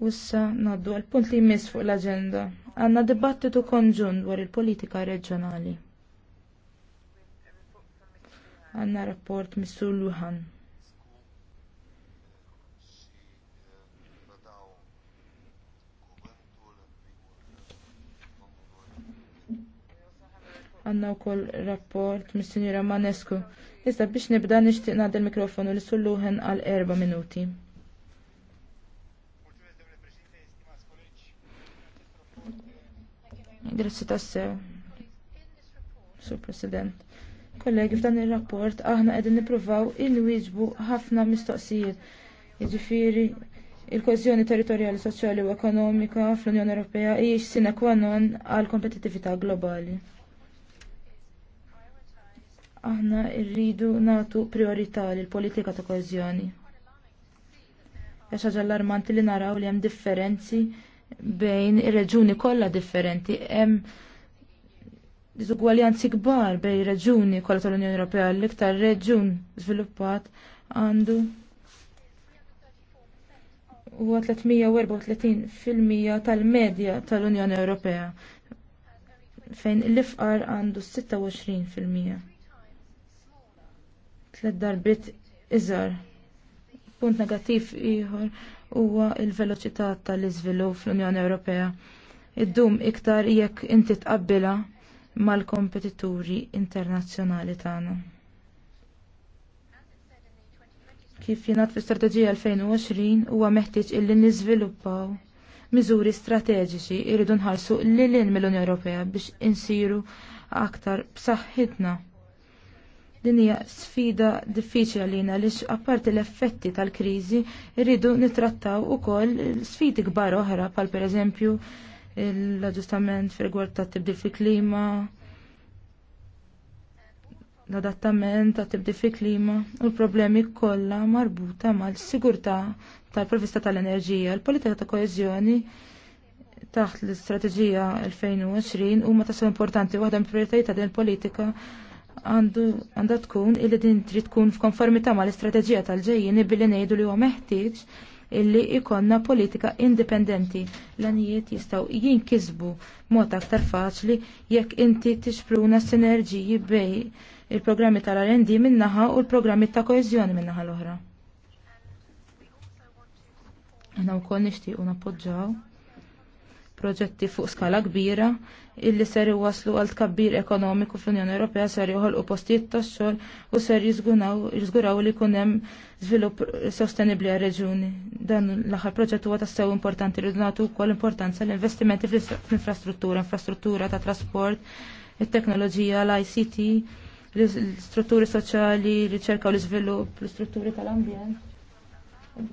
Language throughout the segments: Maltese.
U issa naddu għal punt li jmiss fuq l-agenda. Għanna dibattitu konġun dwar il-politika reġjonali. Għanna rapport Missur Luhan. Għanna u koll rapport Missinjura Manesku. Issa biex nibda nishtiqna del mikrofonu li sulluħen għal erba minuti. Grazzi tassew, Sur President. Kollegi, f'dan il-rapport aħna qegħdin nippruvaw inwiġbu ħafna mistoqsijiet. Jiġifieri il kożjoni territorjali, soċjali u ekonomika fl-Unjoni Ewropea hijiex sine qua non għal kompetittività globali. Aħna rridu nagħtu priorità l politika ta' kohezjoni. Jaxħaġa allarmanti li naraw li hemm differenzi bejn ir-reġuni kollha differenti hemm diżugwaljanzi kbar bejn reġuni kollha tal-Unjoni Ewropea l-iktar reġun żviluppat għandu huwa 334% tal-medja tal-Unjoni Ewropea fejn l-ifqar għandu 26%. fil-mija. Tlet darbit iżgħar. Punt negattiv ieħor huwa il-veloċità tal-iżvilupp fl-Unjoni Ewropea. d-dum iktar jekk inti tqabbilha mal-kompetituri internazzjonali tagħna. Kif jingħad fl-Istrateġija 2020 huwa meħtieġ illi niżviluppaw miżuri strateġiċi jridu nħarsu lil mill-Unjoni Ewropea biex insiru aktar b'saħħitna. Din hija sfida diffiċli għalina li apparti l-effetti tal-kriżi rridu nitrattaw ukoll sfidi kbar oħra pal pereżempju l-aġġustament fir rigward ta' tibdil fil-klima, l-adattament ta' tibdil fil-klima u l-problemi kollha marbuta mal-sigurtà tal-provista tal-enerġija, l-politika ta' koeżjoni taħt l-istrateġija 2020 huma tassew importanti waħda mill-prijoritajiet ta' din politika għandha tkun illi din trid tkun f'konformità mal-istrateġija tal ġejjini billi ngħidu li huwa meħtieġ illi ikonna politika indipendenti l-anijiet jistaw jinkisbu mod aktar faċli jekk inti tixpruna sinerġiji bej il-programmi tal-R&D minnaħa u l-programmi ta' koezjoni minnaħa l-oħra. Għana u koll nishtiqu napoġġaw proġetti fuq skala kbira illi ser iwaslu għal tkabbir ekonomiku fl-Unjoni Ewropea ser joħolqu postijiet tax-xogħol u ser jiżguraw li jkun hemm żvilupp sostenibbli għar-reġuni. Dan l-aħħar proġett huwa tassew importanti li donatu wkoll importanza l-investimenti fl-infrastruttura, infrastruttura ta' trasport, it-teknoloġija, l-ICT, l-istrutturi soċjali, riċerka u l-iżvilupp, l-istrutturi tal-ambjent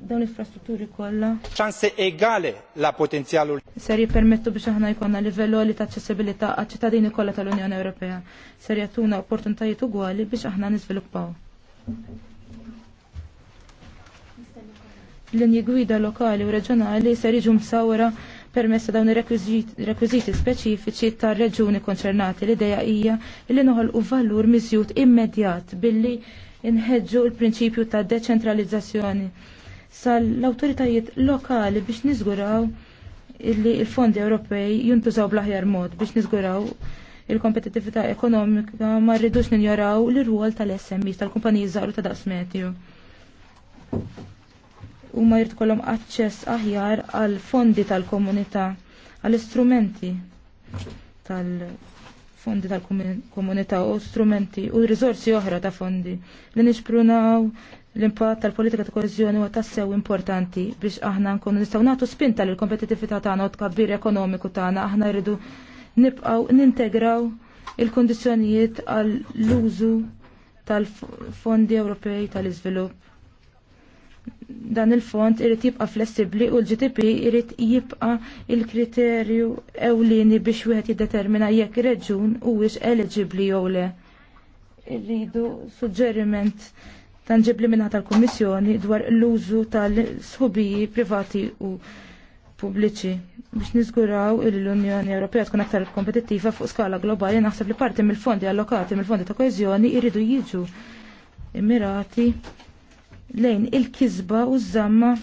dawn l-infrastrutturi kollha. ċanse egali la potenzjalu. Ser jippermettu biex aħna jkollna livellu li ta' aċċessibilità għaċ-ċittadini kollha tal-Unjoni Ewropea. Ser jagħtuna opportunitajiet ugwali biex aħna niżviluppaw. Linji gwida lokali u reġjonali ser jiġu msawra permessa dawn ir-rekwiżiti speċifiċi tar-reġuni konċernati. L-idea hija li noħolqu valur miżjud immedjat billi inħedġu l-prinċipju ta' deċentralizzazzjoni sal-autoritajiet lokali biex niżguraw illi il-fondi Ewropej jintużaw bl-aħjar mod biex niżguraw il-kompetitività ekonomika ma rridux ninjoraw l-rwol tal-SMI tal-kumpaniji żgħar ta' daqs medju. U ma aċċess aħjar għal fondi tal-komunità, għal istrumenti tal-fondi tal-komunità u strumenti u r-rizorsi oħra ta' fondi li nixprunaw L-impatt tal-politika ta' koeżjoni huwa tassew importanti biex aħna nkunu nistgħu nagħtu spinta lill kompetittività tagħna u tkabbir ekonomiku tagħna aħna rridu nibqgħu nintegraw il-kondizzjonijiet għall-użu tal-fondi Ewropej tal-iżvilupp. Dan il-fond irid jibqa' flessibbli u l-GDP irid jibqa' il-kriterju ewlieni biex wieħed jiddetermina jekk reġun huwiex eligibbli jew le. Irridu suġġeriment tangibli minna tal-Kommissjoni dwar l-użu tal-sħubiji privati u pubbliċi biex niżguraw li l-Unjoni Ewropea tkun aktar kompetittiva fuq skala globali naħseb li parti mill-fondi allokati mill-fondi ta' koezjoni jridu jiġu immirati lejn il-kisba u z-zamma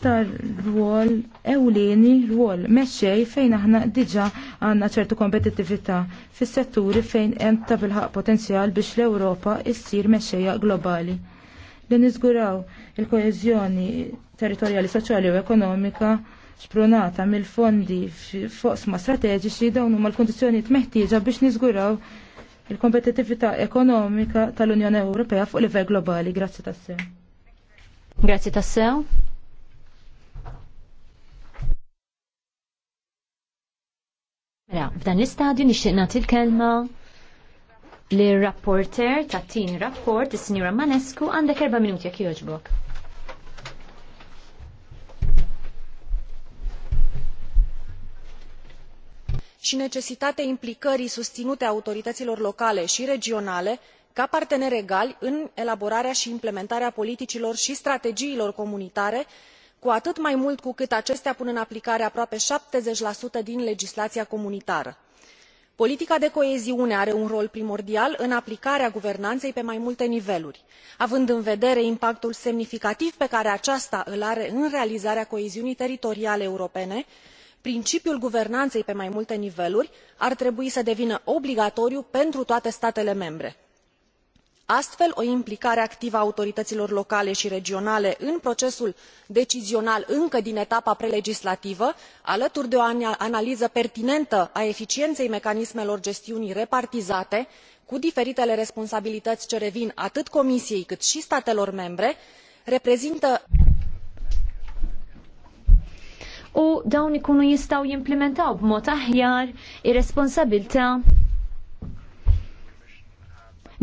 aktar rwol ewlieni rwol meċċej fejn aħna diġà għandna ċertu kompetitività fis-setturi fejn hemm ta' bilħaq potenzjal biex l-Ewropa issir meċċeja globali. Li niżguraw il-koeżjoni territorjali, soċjali u ekonomika sprunata mill-fondi sma strateġiċi dawn huma l-kondizzjonijiet meħtieġa biex niżguraw il kompetitività ekonomika tal-Unjoni Ewropea fuq livell globali. Grazzi tassew. Grazzi tassew. Mela, f'dan l-istadju nixtieq nagħti l-kelma l-rapporter ta' tini rapport, is-Sinjura Manescu, għandek erba' minuti jekk jogħġbok. și necesitatea implicării susținute a autorităților locale și regionale ca parteneri egali în elaborarea și implementarea politicilor și strategiilor comunitare cu atât mai mult cu cât acestea pun în aplicare aproape șaptezeci din legislația comunitară. politica de coeziune are un rol primordial în aplicarea guvernanței pe mai multe niveluri având în vedere impactul semnificativ pe care aceasta îl are în realizarea coeziunii teritoriale europene principiul guvernanței pe mai multe niveluri ar trebui să devină obligatoriu pentru toate statele membre astfel o implicare activă a autorităților locale și regionale în procesul decizional încă din etapa prelegislativă alături de o analiză pertinentă a eficienței mecanismelor gestiunii repartizate cu diferitele responsabilități ce revin atât comisiei cât și statelor membre reprezintă u dawn ikunu jistgħu jimplementaw b'mod aħjar ir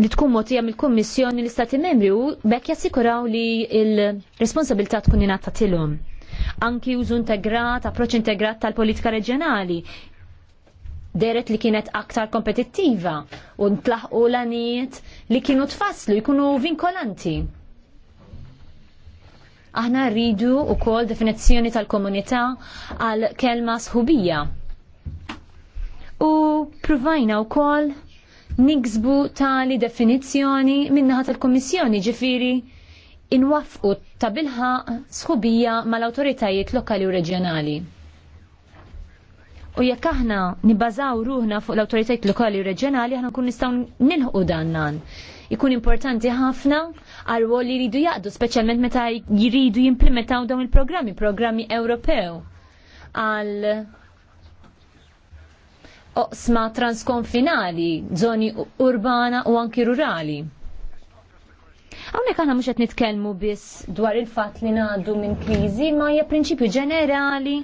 li tkun motija mill-Kummissjoni l-Istati Membri u bekk jassikuraw li l-responsabilità tkun jinata tilhom. Anki użu integrat, approċċ integrat tal-politika reġjonali deret li kienet aktar kompetittiva u ntlaħqu l-anijiet li kienu tfasslu jkunu vinkolanti. Aħna rridu u kol definizzjoni tal-komunità għal kelma sħubija. U provajna u kol niksbu tali definizzjoni minnaħat tal-Komissjoni ġifiri inwafqu ta' bilħa sħubija mal-autoritajiet lokali u reġjonali. U jekk aħna nibbażaw ruħna fuq l-autoritajiet lokali u reġjonali, aħna nkun nistgħu nilħu dan Ikun importanti ħafna għal li jridu jaqdu, speċjalment meta jridu jimplementaw dawn il-programmi, programmi Ewropew għal oqsma transkonfinali, zoni urbana u anki rurali. Għawnek għana mux nitkelmu bis dwar il-fat li naddu minn krizi, ma hija prinċipju ġenerali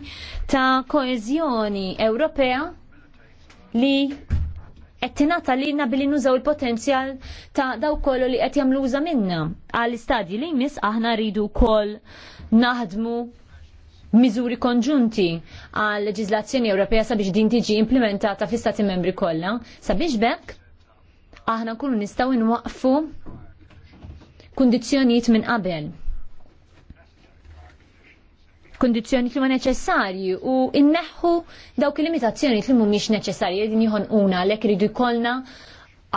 ta' koezjoni Ewropea li qed tingħata lilna billi nużaw il-potenzjal ta' daw kollu li qed jagħmlu uża minna. Għal istadji li jmiss aħna rridu wkoll naħdmu miżuri konġunti għal leġizlazzjoni Ewropea sabiex din tiġi implementata fi stati membri kollha. Sabiex bekk aħna nkunu nistgħu nwaqfu kundizzjonijiet minn qabel. Kondizzjoni li ma neċessarji u inneħħu dawk il-limitazzjoni li mhumiex neċessarji din jħon una lek ridu jkollna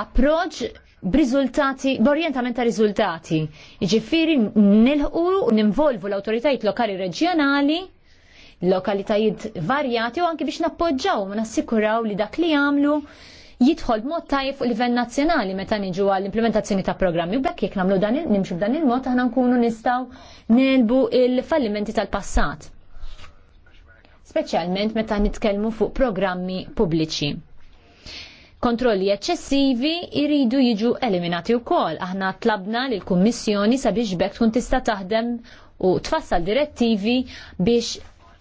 approċ b'riżultati, b'orjentament ta' riżultati. Ġifiri nilħu u ninvolvu l-autoritajiet lokali reġjonali, lokalitajiet varjati u anki biex nappoġġaw, ma nassikuraw li dak li jagħmlu jidħol b'mod tajjeb fuq livell nazzjonali meta niġu għall-implementazzjoni ta' programmi u bekk jekk nagħmlu dan nimxu b'dan il-mod aħna nkunu nistgħu nelbu il-fallimenti tal-passat. Speċjalment meta nitkellmu fuq programmi pubbliċi kontrolli eċċessivi jridu jiġu eliminati wkoll. Aħna tlabna li l-Kummissjoni sabiex bekk tkun tista' taħdem u tfassal direttivi biex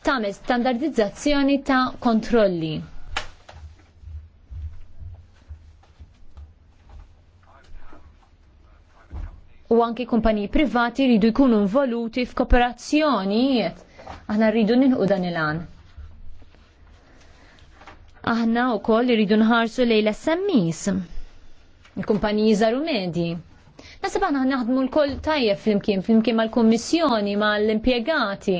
tagħmel standardizzazzjoni ta' kontrolli. U anki kumpaniji privati jridu jkunu involuti f'kooperazzjonijiet. Aħna rridu nilħu dan il-għan. Aħna u koll irridu nħarsu lejla l-SMIs, il-kumpaniji zaru medji. Nasib aħna naħdmu l-koll tajjeb fl-imkien, fl-imkien mal-kommissjoni, mal-impiegati.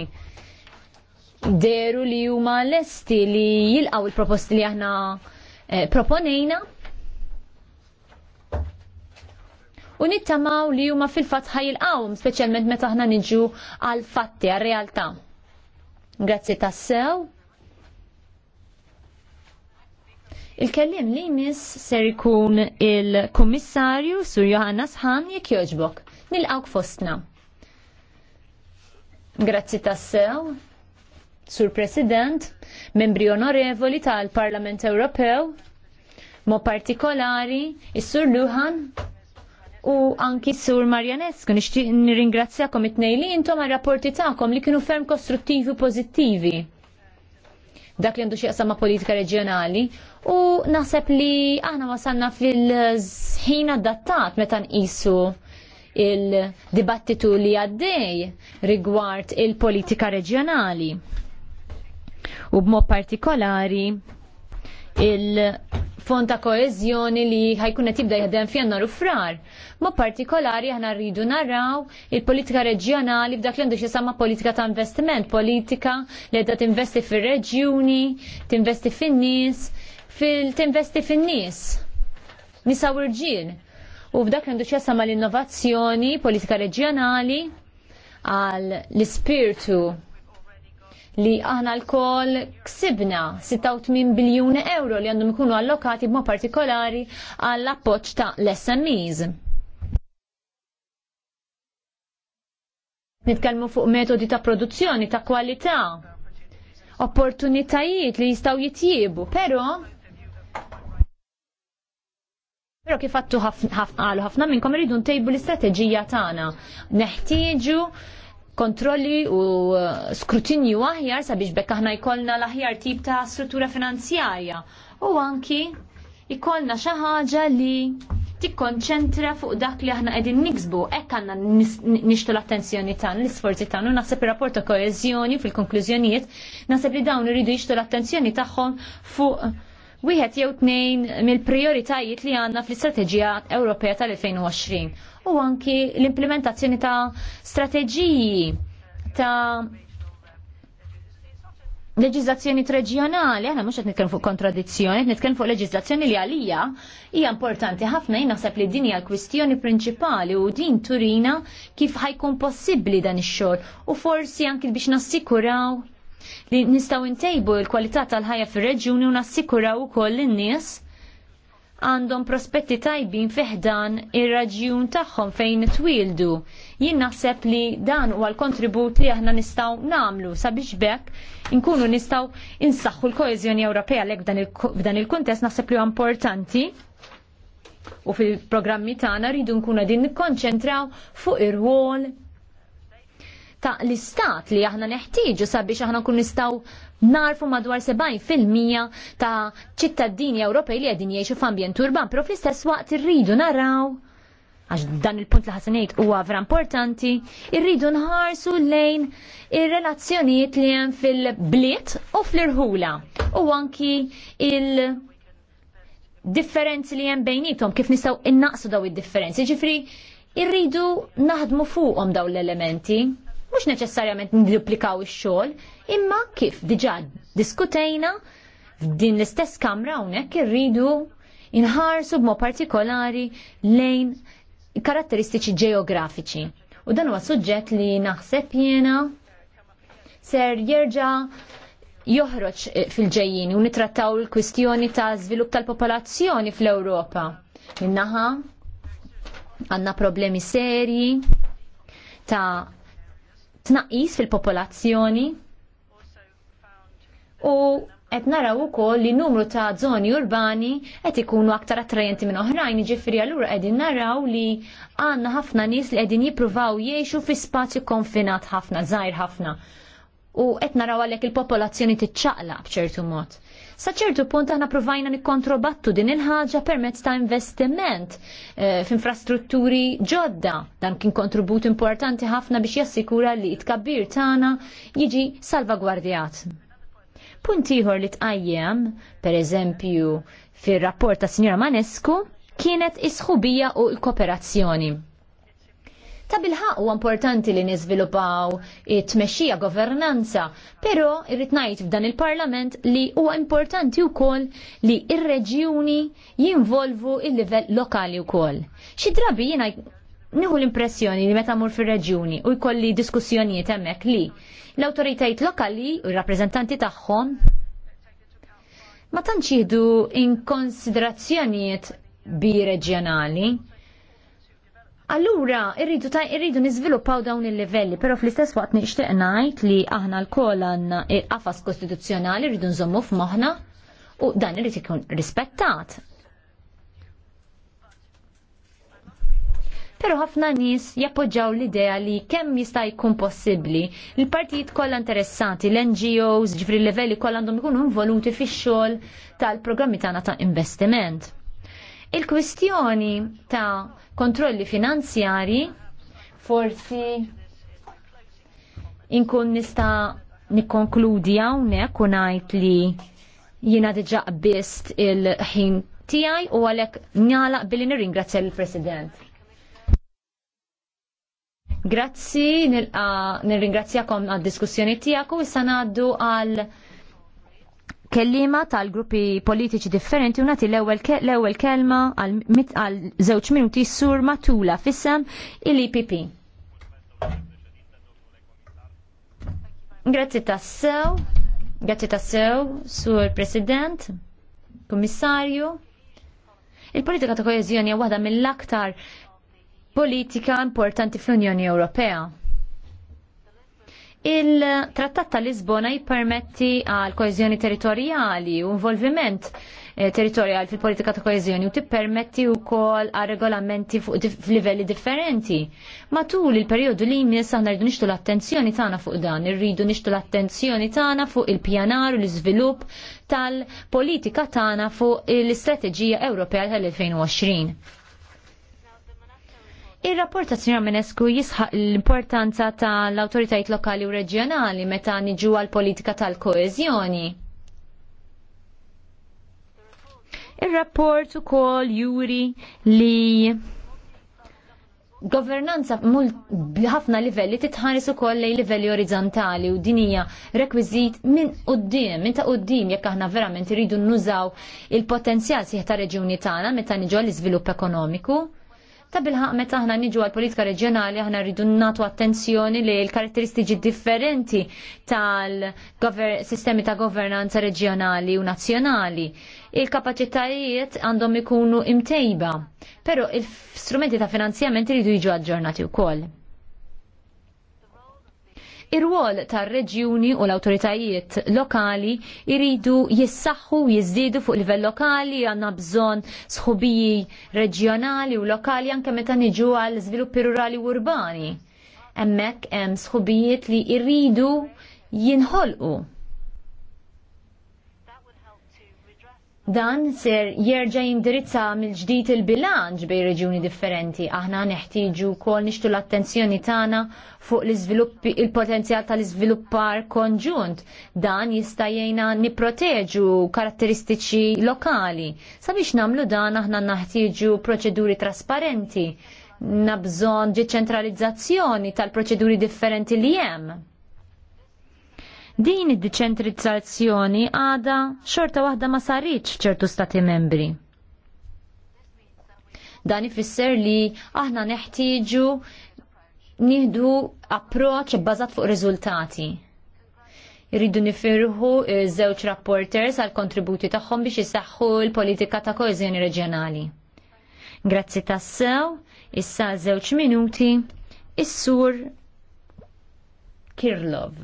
Deru li huma lesti li jilqaw il-proposti li aħna eh, proponejna u nittamaw li huma fil-fatt ħajilqawhom, speċjalment meta aħna niġu għal fatti għal realtà. Grazzi tassew. Il-kellim li jmiss ser ikun il-Kummissarju Sur Johanna Sħan jekk joġbok. Nil-għawk fostna. Grazzi tassew, Sur President, membri onorevoli tal-Parlament Ewropew, mo partikolari, sur Luhan, u anki sur Marjanesku nixtieq nirringrazzjakom it-tnejn li intom għal rapporti tagħkom li kienu ferm kostruttivi u pożittivi dak li għandu xieqsam ma' politika reġjonali u naħseb li aħna wasalna fil-ħin adattat meta nqisu il-dibattitu li għaddej rigward il-politika reġjonali. U b'mod partikolari il- fond ta' koezjoni li ħajkun qed jibda jaħdem f'jannar u frar. Ma partikolari aħna rridu naraw il-politika reġjonali f'dak li għandu xisama politika ta' investiment, politika li qed tinvesti fir-reġjuni, tinvesti fin-nies, fil-tinvesti fin-nies. Nisa u rġiel. U f'dak li għandu xisama l-innovazzjoni, politika reġjonali, għal l-ispirtu li aħna l-kol ksibna 86 biljuni euro li għandhom ikunu allokati b'ma partikolari għall appoġġ ta' l-SMEs. Nitkellmu fuq metodi ta' produzzjoni ta' kwalità, opportunitajiet li jistaw jitjibu, pero Pero kif għattu għalu ħafna minnkom rridu ntejbu l-istrateġija tagħna. Neħtieġu kontrolli u uh, skrutinju aħjar sabiex bekk aħna jkollna l-aħjar tip ta' struttura finanzjarja u anki jkollna xi ħaġa li tikkonċentra fuq dak li aħna qegħdin niksbu hekk għandna nixtu l-attenzjoni tagħna l-isforzi tagħna u naħseb ir-rapport ta' koeżjoni fil-konklużjonijiet naħseb li dawn iridu jixtu l-attenzjoni tagħhom fuq wieħed jew tnejn mill-prioritajiet li għandna fl-Istrateġija Ewropea tal-2020 u anki l-implementazzjoni ta' strateġiji ta' leġizzazzjoni reġjonali, għana mux qed nitkellem fuq kontradizzjoni, nitkellem fuq leġizzazzjoni li għalija hija importanti ħafna jien naħseb li din hija l-kwistjoni prinċipali u din turina kif ħajkun possibbli dan ix-xogħol u forsi anki biex nassikuraw li nistaw intejbu l-kwalità tal-ħajja fir-reġjuni u nassikuraw ukoll lin-nies għandhom prospetti tajbin fiħdan ir-raġjun tagħhom fejn twildu. Jien naħseb li dan huwa l-kontribut li aħna nistgħu nagħmlu sabiex bekk inkunu nistgħu insaħħu l-koeżjoni Ewropea lek f'dan il-kuntest il naħseb li importanti u fil-programmi tagħna rridu nkunu din nikkonċentraw fuq ir wol ta' l-istat li aħna neħtieġu sabiex aħna nkun nistgħu narfu madwar 70% ta' ċittadini Ewropej li qegħdin jgħixu f'ambjent urban, però fl-istess waqt irridu naraw għax dan il-punt li ħasanejt huwa vera importanti, irridu nħarsu lejn ir-relazzjonijiet li hemm fil-bliet u fl-irħula u anki il- differenzi li hemm bejnietom kif nistgħu innaqsu daw id-differenzi. Ġifri, irridu naħdmu fuqhom daw l-elementi mhux neċessarjament nduplikaw ix-xogħol, imma kif diġà diskutejna f'din l-istess kamra hawnhekk irridu inħarsu b'mod partikolari lejn karatteristiċi ġeografiċi. U dan huwa suġġett li naħseb jiena ser jerġa' joħroġ fil-ġejjin u nitrattaw il-kwistjoni ta' żvilupp tal-popolazzjoni fl-Ewropa. Minnaħa għandna problemi serji ta' tnaqqis fil-popolazzjoni u qed naraw ukoll li numru ta' żoni urbani qed ikunu aktar attrajenti minn oħrajn, jiġifieri allura qegħdin naraw li għandna ħafna nies li qegħdin jippruvaw jgħixu fi spazju konfinat ħafna, żgħir ħafna. U qed naraw għalhekk il-popolazzjoni tiċċaqla b'ċertu mod. Sa ċertu punt aħna provajna nikkontrobattu din il-ħaġa permezz ta' investiment eh, f'infrastrutturi ġodda. Dan kien kontribut importanti ħafna biex jassikura li tkabbir tagħna jiġi salvagwardjat. Punt ieħor li tqajjem, per eżempju, fir-rapport ta' Sinjora Manescu, kienet isħubija u l-kooperazzjoni Ta' bilħaq u importanti li niżviluppaw it-tmexxija governanza, però irrid ngħid f'dan il-Parlament li huwa importanti wkoll li ir-reġjuni jinvolvu il-livell lokali wkoll. Xi drabi jiena nieħu l-impressjoni li meta mur fir-reġjuni u jkolli diskussjonijiet hemmhekk li l-awtoritajiet lokali u r-rappreżentanti tagħhom ma tantx jieħdu in konsiderazzjonijiet bi reġjonali Allura, irridu ta' irridu nizviluppaw dawn il-livelli, pero fl-istess waqt nixtieq ngħid li aħna l-kol għandna qafas kostituzzjonali rridu nżommu f'moħħna u dan irid ikun rispettat. Pero ħafna nies jappoġġaw l-idea li kemm jista' jkun possibbli l-partijiet kollha interessati, l-NGOs, ġifri l-livelli kollha għandhom ikunu involuti fix-xogħol tal-programmi tagħna ta' investiment. Il-kwistjoni ta' kontrolli finanzjari forsi inkun nista' nikkonkludi hawnhekk u ngħid li jiena diġà qbist il-ħin tiegħi u għalhekk ngħalaq billi nirringrazzja lill-President. Grazzi, ah, nirringrazzjakom għad-diskussjoni tiegħek u issa ngħaddu għal kellima tal-gruppi politiċi differenti u nati l-ewel kelma għal żewġ minuti sur matula fissem il-IPP. Grazzi tassew, grazzi tassew, sur President, komissarju. Il-politika ta' koezjoni hija waħda mill-aktar politika importanti fl-Unjoni Ewropea Il-Trattat tal Lisbona jippermetti għal koezjoni territorjali u involviment eh, territorjali fil-politika ta' koezjoni u tippermetti u kol għal regolamenti fuq livelli differenti. Matul il-periodu li jmiss aħna rridu nixtu l-attenzjoni tagħna fuq dan, irridu nixtu l-attenzjoni tagħna fuq il-pjanar u l-iżvilupp tal-politika tagħna fuq l-Istrateġija Ewropea tal-2020 Il-rapport ta' Sinjor Menesku jisħaq l-importanza ta' l autoritajt lokali u reġjonali meta niġu għal politika tal-koezjoni. Il-rapport ukoll juri li governanza b'ħafna livelli titħares ukoll li livelli orizzontali u din hija rekwiżit minn quddiem, minn ta' quddiem jekk aħna verament iridu nużaw il-potenzjal sieħ ta' reġjuni tagħna meta niġu l-iżvilupp ekonomiku ta' bilħaq meta aħna niġu għal politika reġjonali aħna rridu natu attenzjoni li l-karatteristiġi differenti tal-sistemi ta' governanza reġjonali u nazzjonali. Il-kapacitajiet għandhom ikunu imtejba, pero il-strumenti ta' finanzjament rridu jiġu aġġornati wkoll. Ir-rwol tar-reġjuni u l-awtoritajiet lokali iridu jissaħħu jiżdiedu fuq livell lokali għandna bżonn sħubiji reġjonali u lokali anke meta niġu għal żviluppi rurali u urbani. Hemmhekk hemm sħubijiet li jridu jinħolqu dan ser jerġa' jindirizza mill-ġdid il-bilanċ bejn reġjuni differenti. Aħna neħtieġu wkoll nixtu l-attenzjoni tagħna fuq l il-potenzjal tal izviluppar konġunt. Dan jista' jgħinna nipproteġu karatteristiċi lokali. Sabiex nagħmlu dan aħna naħtieġu proċeduri trasparenti, nabżon ġiċentralizzazzjoni tal-proċeduri differenti li hemm Din id-deċentrizzazzjoni għada xorta waħda ma sarriċ ċertu stati membri. Dan ifisser li aħna neħtieġu nieħdu approċ bbażat fuq riżultati. Irridu nifirħu żewġ rapporters għal kontributi tagħhom biex jisaħħu l-politika ta' koeżjoni reġjonali. Grazzi tassew, issa żewġ minuti, is-sur Kirlov.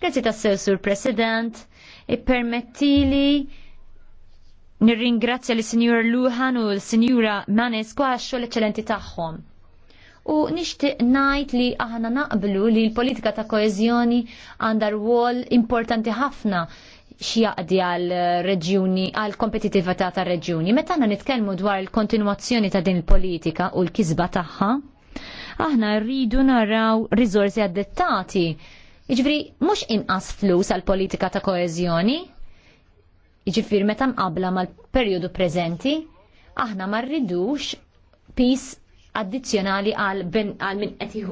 Grazzi tassew sur President, ippermettili nirringrazzja li Sinjura Luhan u l-Sinjura għaxxu l eċċellenti tagħhom. U nixtieq ngħid li aħna naqblu li l-politika ta' koeżjoni għandha rwol importanti ħafna xjaqdi għal reġjuni għal kompetitività ta' reġjuni. Meta għandna nitkellmu dwar il-kontinuazzjoni ta' din il-politika u l-kisba tagħha, aħna rridu naraw riżorsi adattati Iġifri, mux inqas flus għal politika ta' koezjoni, iġifri meta mqabla mal-periodu prezenti, aħna marridux pis addizjonali għal min qed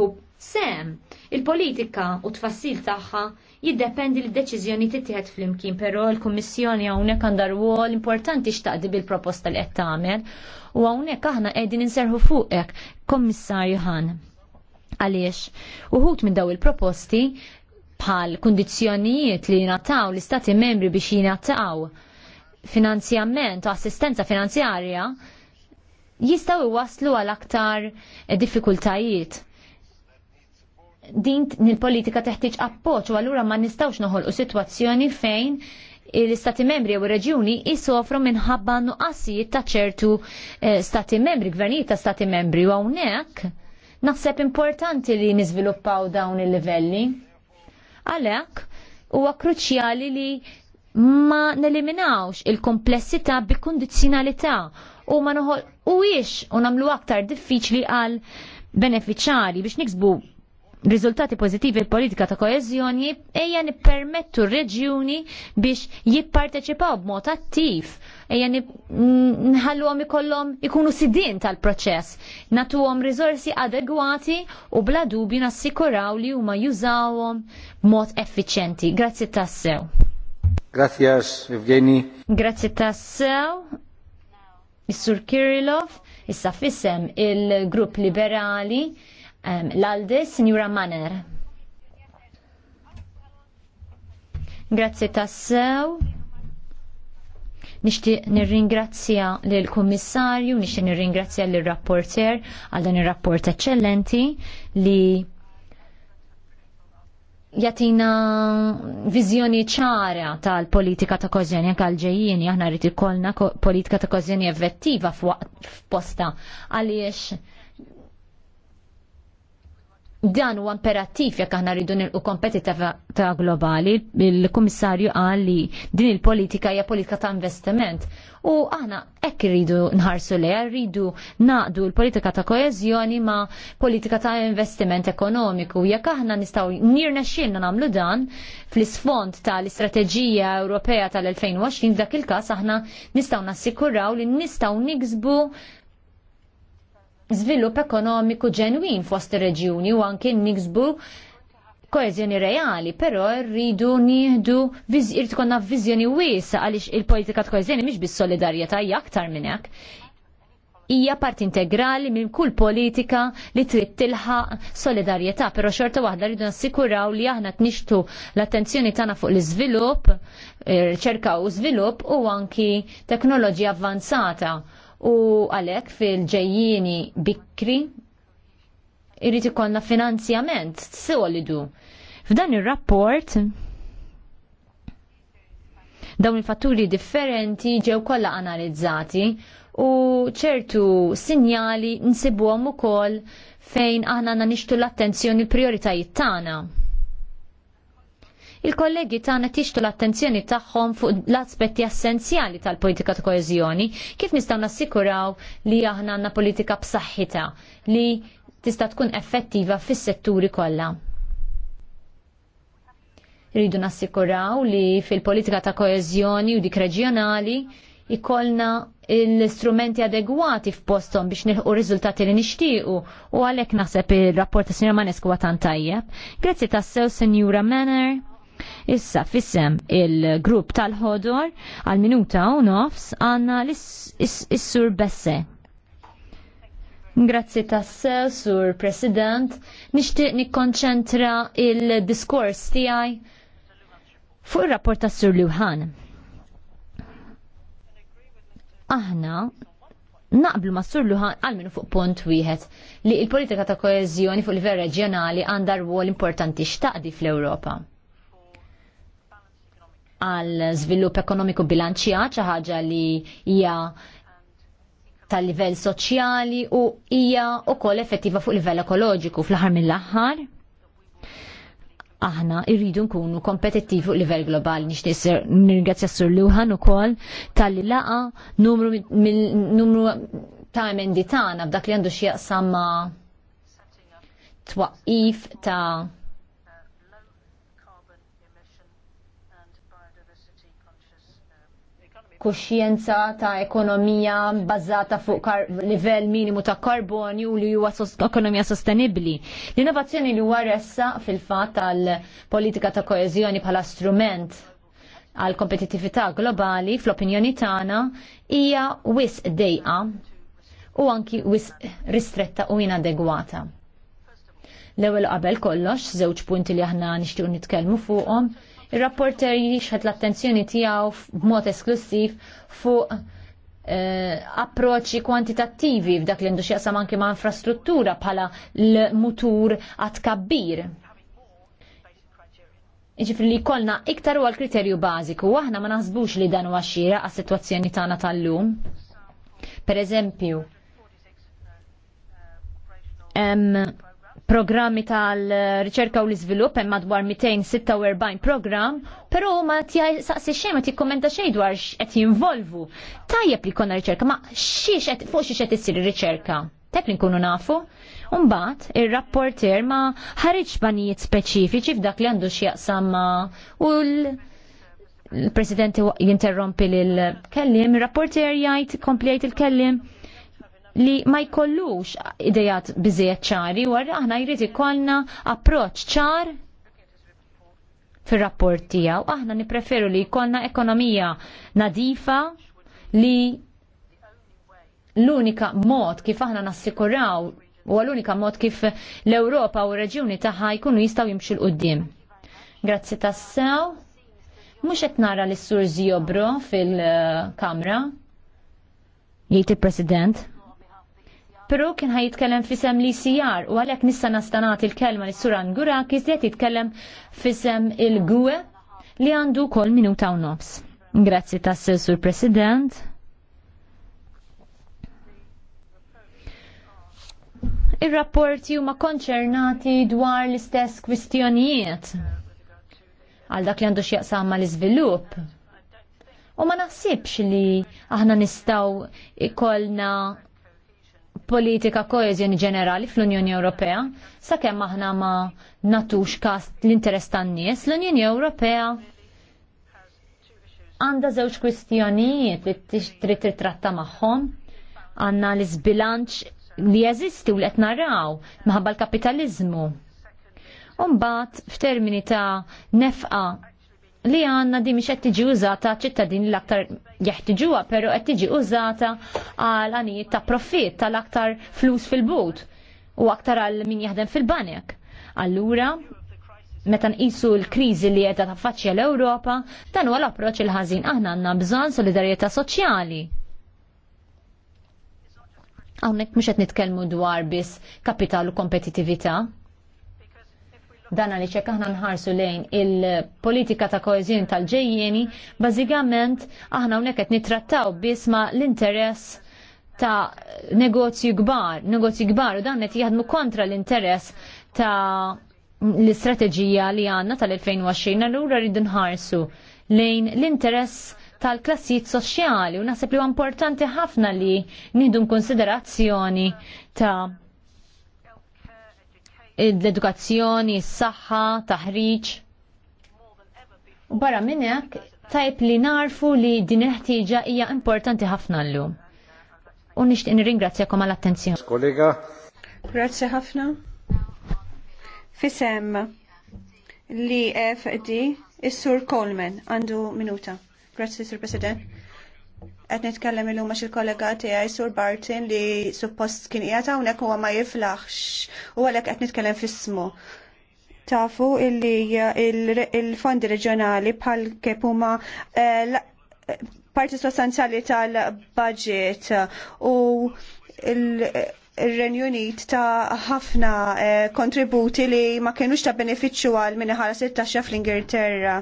sem. Il-politika u tfassil tagħha jiddependi l deċiżjoni tittieħed flimkien, però l-Kummissjoni hawnhekk għandha rwol importanti xtaqdi bil-proposta li qed tagħmel u hawnhekk aħna qegħdin inserħu fuqek, Kommissarju Han. Għaliex, uħut minn daw il-proposti bħal kundizzjonijiet li nataw l-istati membri biex jinataw finanzjament u assistenza finanzjarja jistaw iwaslu għal aktar eh, diffikultajiet. Din il-politika teħtieġ appoġġ u allura ma nistawx noħolqu sitwazzjoni fejn l-istati membri u reġjuni jisofru minħabba nuqqasijiet ta' ċertu eh, stati membri, gvernijiet ta' stati membri u hawnhekk naħseb importanti li niżviluppaw dawn il-livelli Għalhekk huwa kruċjali li ma neliminawx il-komplessità bi kundizzjonalità u ma noħol u ix u namlu aktar diffiċli għal beneficjari biex niksbu riżultati pozitivi il politika ta' koezjoni ejja nippermettu r-reġjuni biex jipparteċipaw b'mod attiv ejja nħalluhom ikollhom ikunu sidin tal-proċess, natuhom rizorsi adegwati u bla dubju nassikuraw li huma jużawhom b'mod effiċjenti. Grazzi tassew. Grazzjas, Evgeni. Grazzi tassew. is Kirillov, issa fissem il-Grupp Liberali, l alde Signora Manner. Grazzi tassew. Nixtieq nirringrazzja lill kummissarju nixtieq nirringrazzja lill rapporter għal dan ir-rapport eċċellenti li jatina vizjoni ċara tal-politika ta' kożjoni għal ġejjini aħna rrid ikollna politika ta' kożjoni effettiva f'posta għaliex Dan huwa imperattiv jekk aħna rridu nilqu kompetitività globali, il-Kummissarju qal li din il-politika hija politika ta' investiment. U aħna hekk irridu nħarsu lejha, rridu naqdu l-politika ta' koeżjoni ma' politika ta' investiment ekonomiku. Jekk aħna nistgħu nirna xilna nagħmlu dan fl-isfond tal-Istrateġija Ewropea tal-2020 dak il-każ aħna nistgħu nassikuraw li nistgħu niksbu żvilupp ekonomiku ġenwin fost ir-reġjuni u anke niksbu koezjoni reali, però rridu nieħdu irid konna viżjoni wiesa għaliex il-politika ta' koeżjoni mhix bis solidarjetà hija aktar minn hekk. Hija parti integrali minn kull politika li trid tilħaq solidarjetà, però xorta waħda rridu nassikuraw li aħna tnixtu l-attenzjoni tagħna fuq l-iżvilupp, ċerkaw żvilupp u anki teknoloġija avvanzata u għalek fil-ġejjini bikri irrit ikonna finanzjament solidu. F'dan ir-rapport dawn il-fatturi differenti ġew kollha analizzati u ċertu sinjali nsibuhom ukoll fejn aħna nixtu l-attenzjoni prioritajiet tagħna. Il-kollegi tagħna tixtu l-attenzjoni tagħhom fuq l-aspetti essenzjali tal-politika ta' koeżjoni, kif nistgħu nassikuraw li aħna għandna politika b'saħħitha li tista' tkun effettiva fis-setturi kollha. Rridu nassikuraw li fil-politika ta' koeżjoni u dik reġjonali ikollna l-istrumenti adegwati f'postom biex nilħu riżultati li nixtiequ u għalhekk naħseb ir rapport ta' Sinjora Manesku għatan tajjeb. Grazzi tassew, Sinjura Manner. Issa fissem il-grupp tal-ħodor għal minuta u nofs għanna l-sur Besse. Grazzi tassew, sur President. Nishtiq nikkonċentra il-diskors tijaj fuq il-rapport tas sur Luhan. Aħna naqblu ma' sur Luhan għalminu fuq punt wieħed li il-politika ta' koezjoni fuq livell reġjonali għandha rwol importanti xtaqdi fl-Ewropa għal żvilupp ekonomiku bilanċjat xi ħaġa li hija tal-livell soċjali u hija wkoll effettiva fuq livell ekoloġiku fl-aħħar mill-aħħar. Aħna irridu nkunu kompetittivi fuq livell globali nixtieq nirringrazzja Sur Luhan ukoll tal-li laqa numru, numru ta' emendi tagħna f'dak li għandu x'jaqsam ma' twaqif ta' kuxjenza ta' ekonomija bazzata fuq livell minimu ta' karbonju li huwa ekonomija sostenibli. L-innovazzjoni li huwa ressa fil-fatt tal-politika ta' koeżjoni bħala strument għal kompetitività globali fl-opinjoni tagħna hija wis dejqa u anki wis ristretta u inadegwata. L-ewwel qabel kollox, żewġ punti li aħna nixtiequ nitkellmu fuqhom, Il-rapporter jixħed l-attenzjoni tijaw b'mod esklusiv fuq eh, approċċi kwantitattivi f'dak li ndux jaqsam anki ma' infrastruttura bħala l-mutur għat kabbir. Iġifri li kolna iktar u għal kriterju bażiku, aħna ma naħsbux li dan huwa xira għas sitwazzjoni tagħna tal-lum. Per eżempju, programmi tal-riċerka u l-izvilupp hemm madwar 246 programm, però ma tjaj saqsi xejn ma tikkommenta xejn dwar x'qed jinvolvu. Tajjeb li jkollna riċerka, ma xiex qed fuq xiex qed issir riċerka. Tek li nkunu nafu. Umbat, ir-rapporter ma ħareġ banijiet speċifiċi f'dak li għandu x'jaqsam u l- il-President jinterrompi l-kellim, il-rapporter jgħid komplejt il-kellim li ma jkollux idejat biżejjed ċari, wara aħna jrid ikollna approċ ċar fir-rapport tiegħu. Aħna nippreferu li jkollna ekonomija nadifa li l-unika mod kif aħna nassikuraw u l-unika mod kif l-Ewropa u r-reġjuni tagħha jkunu jistgħu jimxu l qudiem Grazzi tassew. Mhux qed nara l-Sur Ziobro fil-Kamra. Jgħid il-President. Pero kien ħaj jitkellem fisem li sijar u għalek nista nastanat il-kelma li suran gura kis li jitkellem fisem il-gwe li għandu kol minuta u nofs. Grazzi ta' sur president. Ir-rapporti huma konċernati dwar l-istess kwistjonijiet għal dak li għandu x'jaqsam mal-iżvilupp U ma naħsibx li aħna nistaw ikolna politika koeżjoni ġenerali fl-Unjoni Ewropea, sakemm aħna ma natux kas l-interess tan-nies, l-Unjoni Ewropea għandha żewġ kwistjonijiet li trid titratta magħhom, għandna l iżbilanċ li jeżisti u qed naraw minħabba l-kapitaliżmu. Umbagħad f'termini ta' nefqa li għanna di miex tiġi użata ċittadin l-aktar jeħtiġuha, pero qed tiġi użata għal għanijiet ta' profit tal-aktar flus fil-but u aktar għal min jaħdem fil-banek. Allura, meta nqisu l-kriżi li qiegħda taffaċċja l-Ewropa, dan huwa l-approċċ il-ħażin aħna għandna bżonn solidarjetà soċjali. Hawnhekk mhux qed nitkellmu dwar biss kapital u kompetitività, dan għaliex hekk aħna nħarsu lejn il-politika ta' koezjoni tal-ġejjeni, bażikament aħna hawnhekk qed nittrattaw bisma l-interess ta' negozju kbar, negozju kbar u dan qed jaħdmu kontra l-interess ta' l-istrateġija li għanna tal-2020 allura rridu nħarsu lejn l-interess tal-klassijiet soċjali u naħseb li huwa importanti ħafna li nieħdu konsiderazzjoni ta' l-edukazzjoni, s-saħħa, taħriġ. U barra minnek, tajb li narfu li din ħtieġa hija importanti ħafna llum. U nixtieq nirringrazzjakom għall attenzjoni. Kollega. Grazzi ħafna. Fisem li FD is-Sur Coleman għandu minuta. Grazzi Sur President. Qed nitkellem illum għax il-kollega tiegħi Sur Bartin li suppost kien qiegħed hawnhekk huwa ma jiflaħx u għalhekk qed nitkellem f'ismu. Tafu illi il-fondi reġjonali bħal kif huma eh, parti sostanzjali tal-budget u il-Renju Unit ta' ħafna eh, kontributi li ma kienux ta' beneficju għal minnaħala 16 fl-Ingilterra.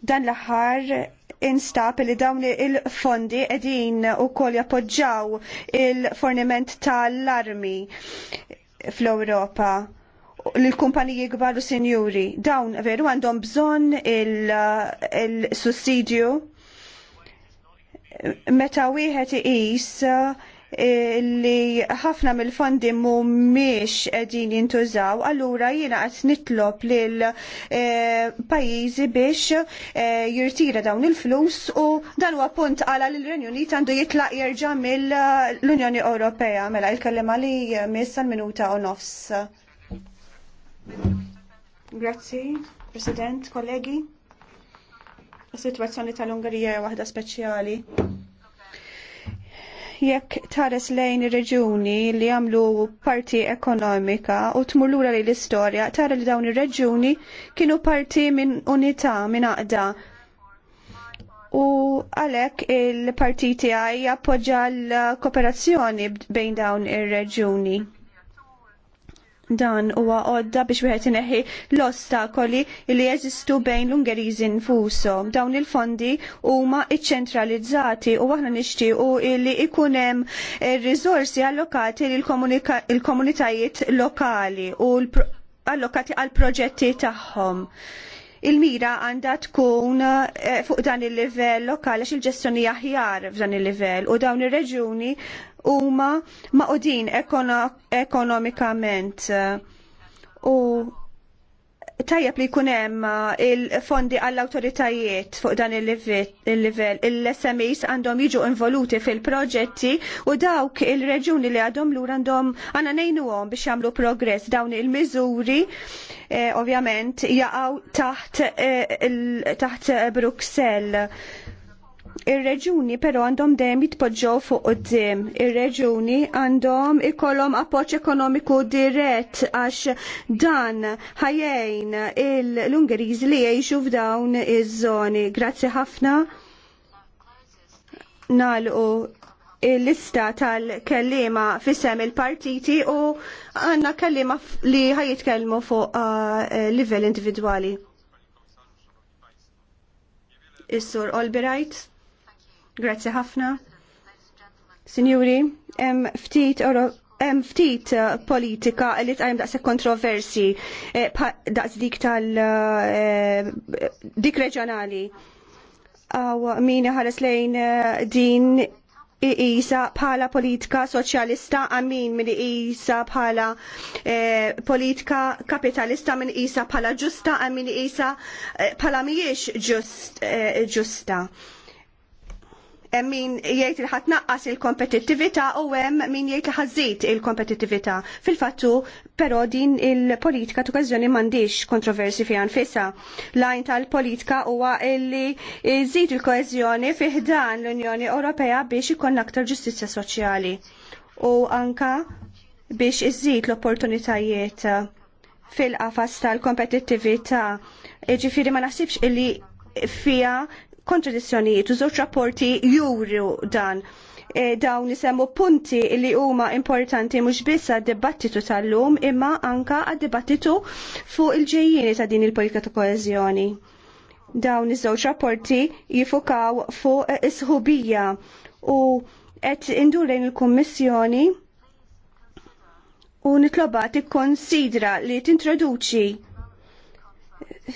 Dan l-aħħar instab li dawn il-fondi edin u kol jappoġġaw il-forniment tal-armi fl-Europa l-kumpaniji gbaru senjuri. sinjuri. Dawn veru għandhom bżon il-sussidju il sussidju meta wieħed iqis li ħafna mill-fondi mhumiex qegħdin jintużaw, allura jiena qed nitlob lil eh, pajjiżi biex eh, jirtira dawn il-flus u dan huwa punt għala l Unit għandu jitlaq jerġa' mill-Unjoni Ewropea mela il-kellima li missa minuta u nofs. Grazzi, President, kollegi. Is-sitwazzjoni tal-Ungerija hija waħda speċjali jekk tares lejn ir-reġuni li għamlu parti ekonomika u tmur lura li l-istorja, tara li dawn ir-reġuni kienu parti minn unità, minn aqda. U għalek il-partiti għaj appoġġa l-kooperazzjoni bejn dawn ir-reġuni dan huwa għodda biex wieħed ineħħi l-ostakoli li jeżistu bejn l-Ungeriżi nfushom. Dawn il-fondi huma iċċentralizzati u aħna nixtiequ li ikun hemm eh, riżorsi allokati lill-komunitajiet lokali u allokati għal proġetti tagħhom. Il-mira għandha tkun eh, fuq dan il-livell lokali għax il ġestjoni aħjar f'dan il-livell u dawn ir-reġuni il huma maqudin ekonomikament u tajjeb li jkun hemm uh, il-fondi għall awtoritajiet fuq dan il-livell. Il-SMEs għandhom jiġu involuti fil-proġetti u dawk il-reġuni li għadhom lur għandhom għana għom biex jagħmlu progress dawn il-miżuri eh, ovvjament jaqgħu taħt eh, Bruxelles Ir-reġuni però għandhom dejjem jitpoġġew fuq quddiem. Ir-reġuni għandhom ikollhom appoġġ ekonomiku dirett għax dan ħajjejn l-Ungeriżi li jgħixu f'dawn iż-żoni. Grazzi ħafna. nagħlqu il-lista tal-kellima fisem il-partiti u għanna kellima li ħajitkellmu fuq uh, livell individwali. Is-sur Albright? Grazzi ħafna. Sinjuri, hemm ftit ftit uh, politika li tqajjem daqshekk kontroversi eh, daqs dik tal eh, eh, dik reġjonali. Aw min ħares lejn din iqisa bħala politika soċjalista għamin min isa bħala politika kapitalista min isa bħala ġusta għamin iqisa bħala mhijiex ġusta min jgħid li ħatnaqqas il-kompetittività u hemm min jgħid li ħażid il-kompetittività. Fil-fattu però din il-politika tukkażjoni m'għandix kontroversi fiha nfisha. Lajn tal-politika huwa li jżid il-koeżjoni fih dan l-Unjoni Ewropea biex ikun aktar ġustizzja soċjali u anka biex iżid l-opportunitajiet fil-qafas tal-kompetittività. Ġifiri ma naħsibx illi fija kontradizzjonijiet u żewġ rapporti juru dan. E, dawn nisemmu punti li huma importanti mhux biss għad-dibattitu tal-lum imma anka għad-dibattitu fuq il-ġejjieni ta' din il-politika ta' koeżjoni. Dawn iż-żewġ rapporti jifukaw fuq is-ħubija u qed indur il-Kummissjoni u nitloba tikkonsidra li tintroduċi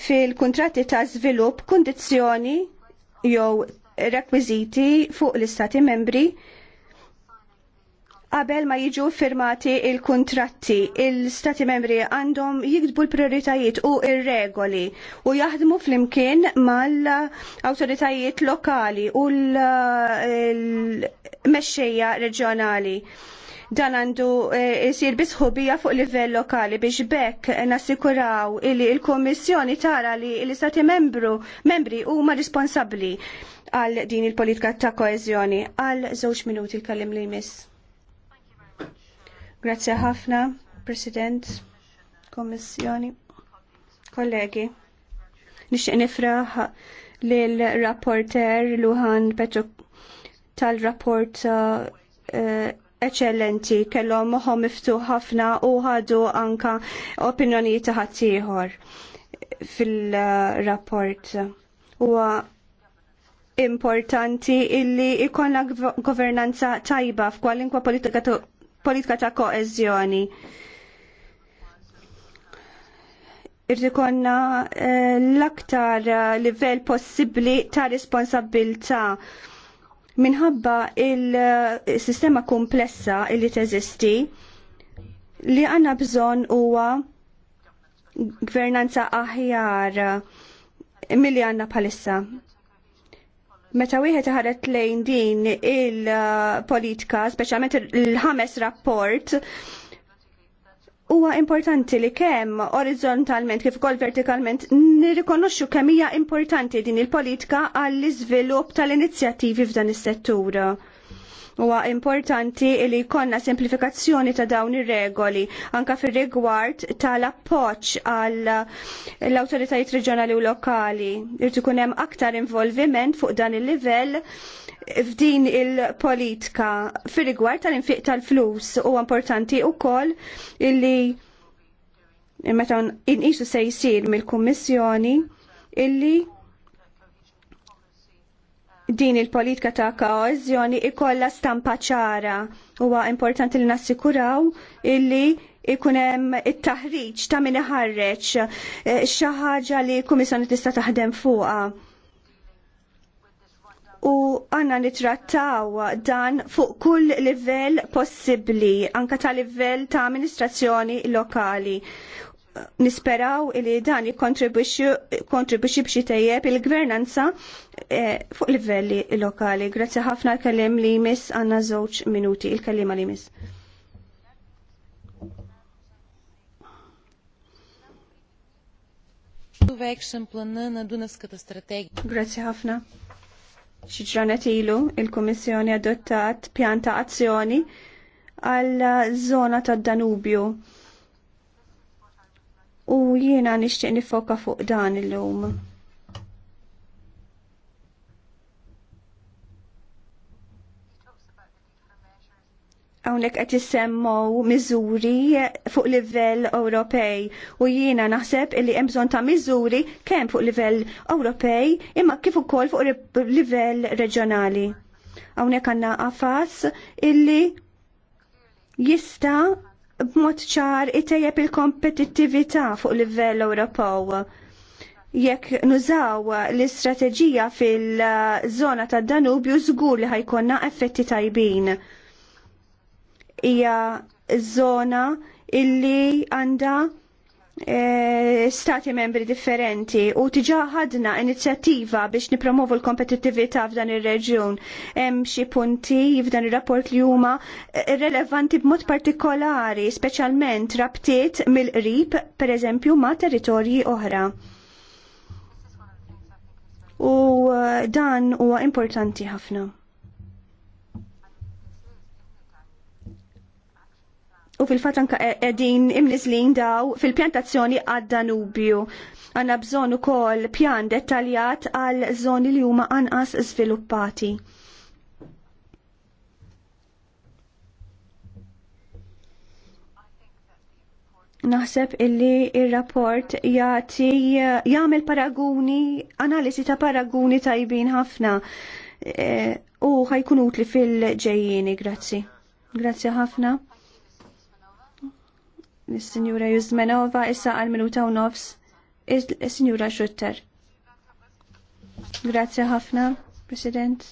fil-kontratti ta' żvilupp kundizzjoni jew rekwiżiti fuq l-istati membri qabel ma jiġu firmati il-kontratti, il-stati membri għandhom jikdbu l-prioritajiet u il-regoli u jaħdmu fl-imkien mal-autoritajiet lokali u l-mexxejja reġjonali. Dan għandu jisir eh, bisħobija fuq livell lokali biex bekk nassikuraw li il-Kommissjoni tara li l-Istati membru membri huma responsabbli għal din il-politika ta' koezjoni. Għal żewġ minuti l-kallim li jmiss. Grazie ħafna, President, Kommissjoni, kollegi. Nixtieq nifraħ l-rapporter Luhan Petro tal-rapport uh, eċellenti kellhom moħħhom miftuħ ħafna u ħadu anka opinjonijiet ta' ħaddieħor fil-rapport. Huwa importanti illi jkollna governanza tajba f'kwalinkwa politika ta', politika ta koeżjoni irrikonna eh, l-aktar eh, livell possibbli ta' responsabilta' minħabba il-sistema komplessa li teżisti li għanna bżon huwa gvernanza aħjar milli għanna palissa. Meta wieħed ħaret lejn din il-politika, speċjalment il-ħames rapport, huwa importanti li kemm orizzontalment kif ukoll vertikalment nirrikonoxxu kemm hija importanti din il-politika għall iżvilupp tal-inizjattivi f'dan is-settur. Huwa importanti li jkollna semplifikazzjoni ta' dawn ir-regoli anke fir-rigward tal-appoġġ għall l-awtoritajiet reġjonali u lokali. Irid ikun hemm aktar involviment fuq dan il-livell f'din il-politika fil rigward tal-infiq tal-flus u importanti wkoll illi meta inqisu se jsir mill-Kummissjoni illi din il-politika ta' koeżjoni ikolla stampa ċara huwa importanti li nassikuraw illi ikun hemm it-taħriġ ta' min iħarreġ eh, xi ħaġa li kummissjoni tista' taħdem fuqha u għanna nitrattaw dan fuq kull livell possibbli, anka ta' livell ta' amministrazzjoni lokali. Nisperaw li dan jikontribuċi b'xi tejjeb il-gvernanza eh, fuq livelli lokali. Grazzi ħafna l-kellim li jmiss għanna żewġ minuti, il-kellima li jmiss. Grazie ħafna ġranet ilu il-Komissjoni adottat pjanta azzjoni għal zona ta' Danubju. U jiena nixtieq nifoka fuq dan il-lum. Hawnhekk qed jissemmu miżuri fuq livell Ewropej u jiena naħseb illi hemm bżonn ta' miżuri kemm fuq livell Ewropej imma kif ukoll fuq livell reġjonali. Hawnhekk għandna għafas illi jista' b'mod ċar itejjeb il-kompetittività fuq livell Ewropew jekk nużaw l-istrateġija fil-żona tad Danubju żgur li ħajkonna effetti tajbin hija żona illi għandha eh, stati membri differenti u tiġa ħadna inizjattiva biex nipromovu l-kompetittività f'dan ir-reġjun. Hemm xi punti f'dan ir-rapport li huma eh, relevanti b'mod partikolari, speċjalment rabtiet mill-qrib, pereżempju ma' territorji oħra. U eh, dan huwa importanti ħafna. u fil-fat anka e- edin imnizlin daw fil-pjantazzjoni għad-Danubju. Għanna bżon u kol pjan dettaljat għal zoni li huma anqas sviluppati. Naħseb illi il-rapport jati jagħmel paraguni, analisi ta' paraguni tajbin ħafna e, u ħajkun utli fil ġejjini grazzi. Grazzi ħafna nis sinjura Juzmenova issa għal minuta u nofs il sinjura Xutter. Grazzi ħafna, President.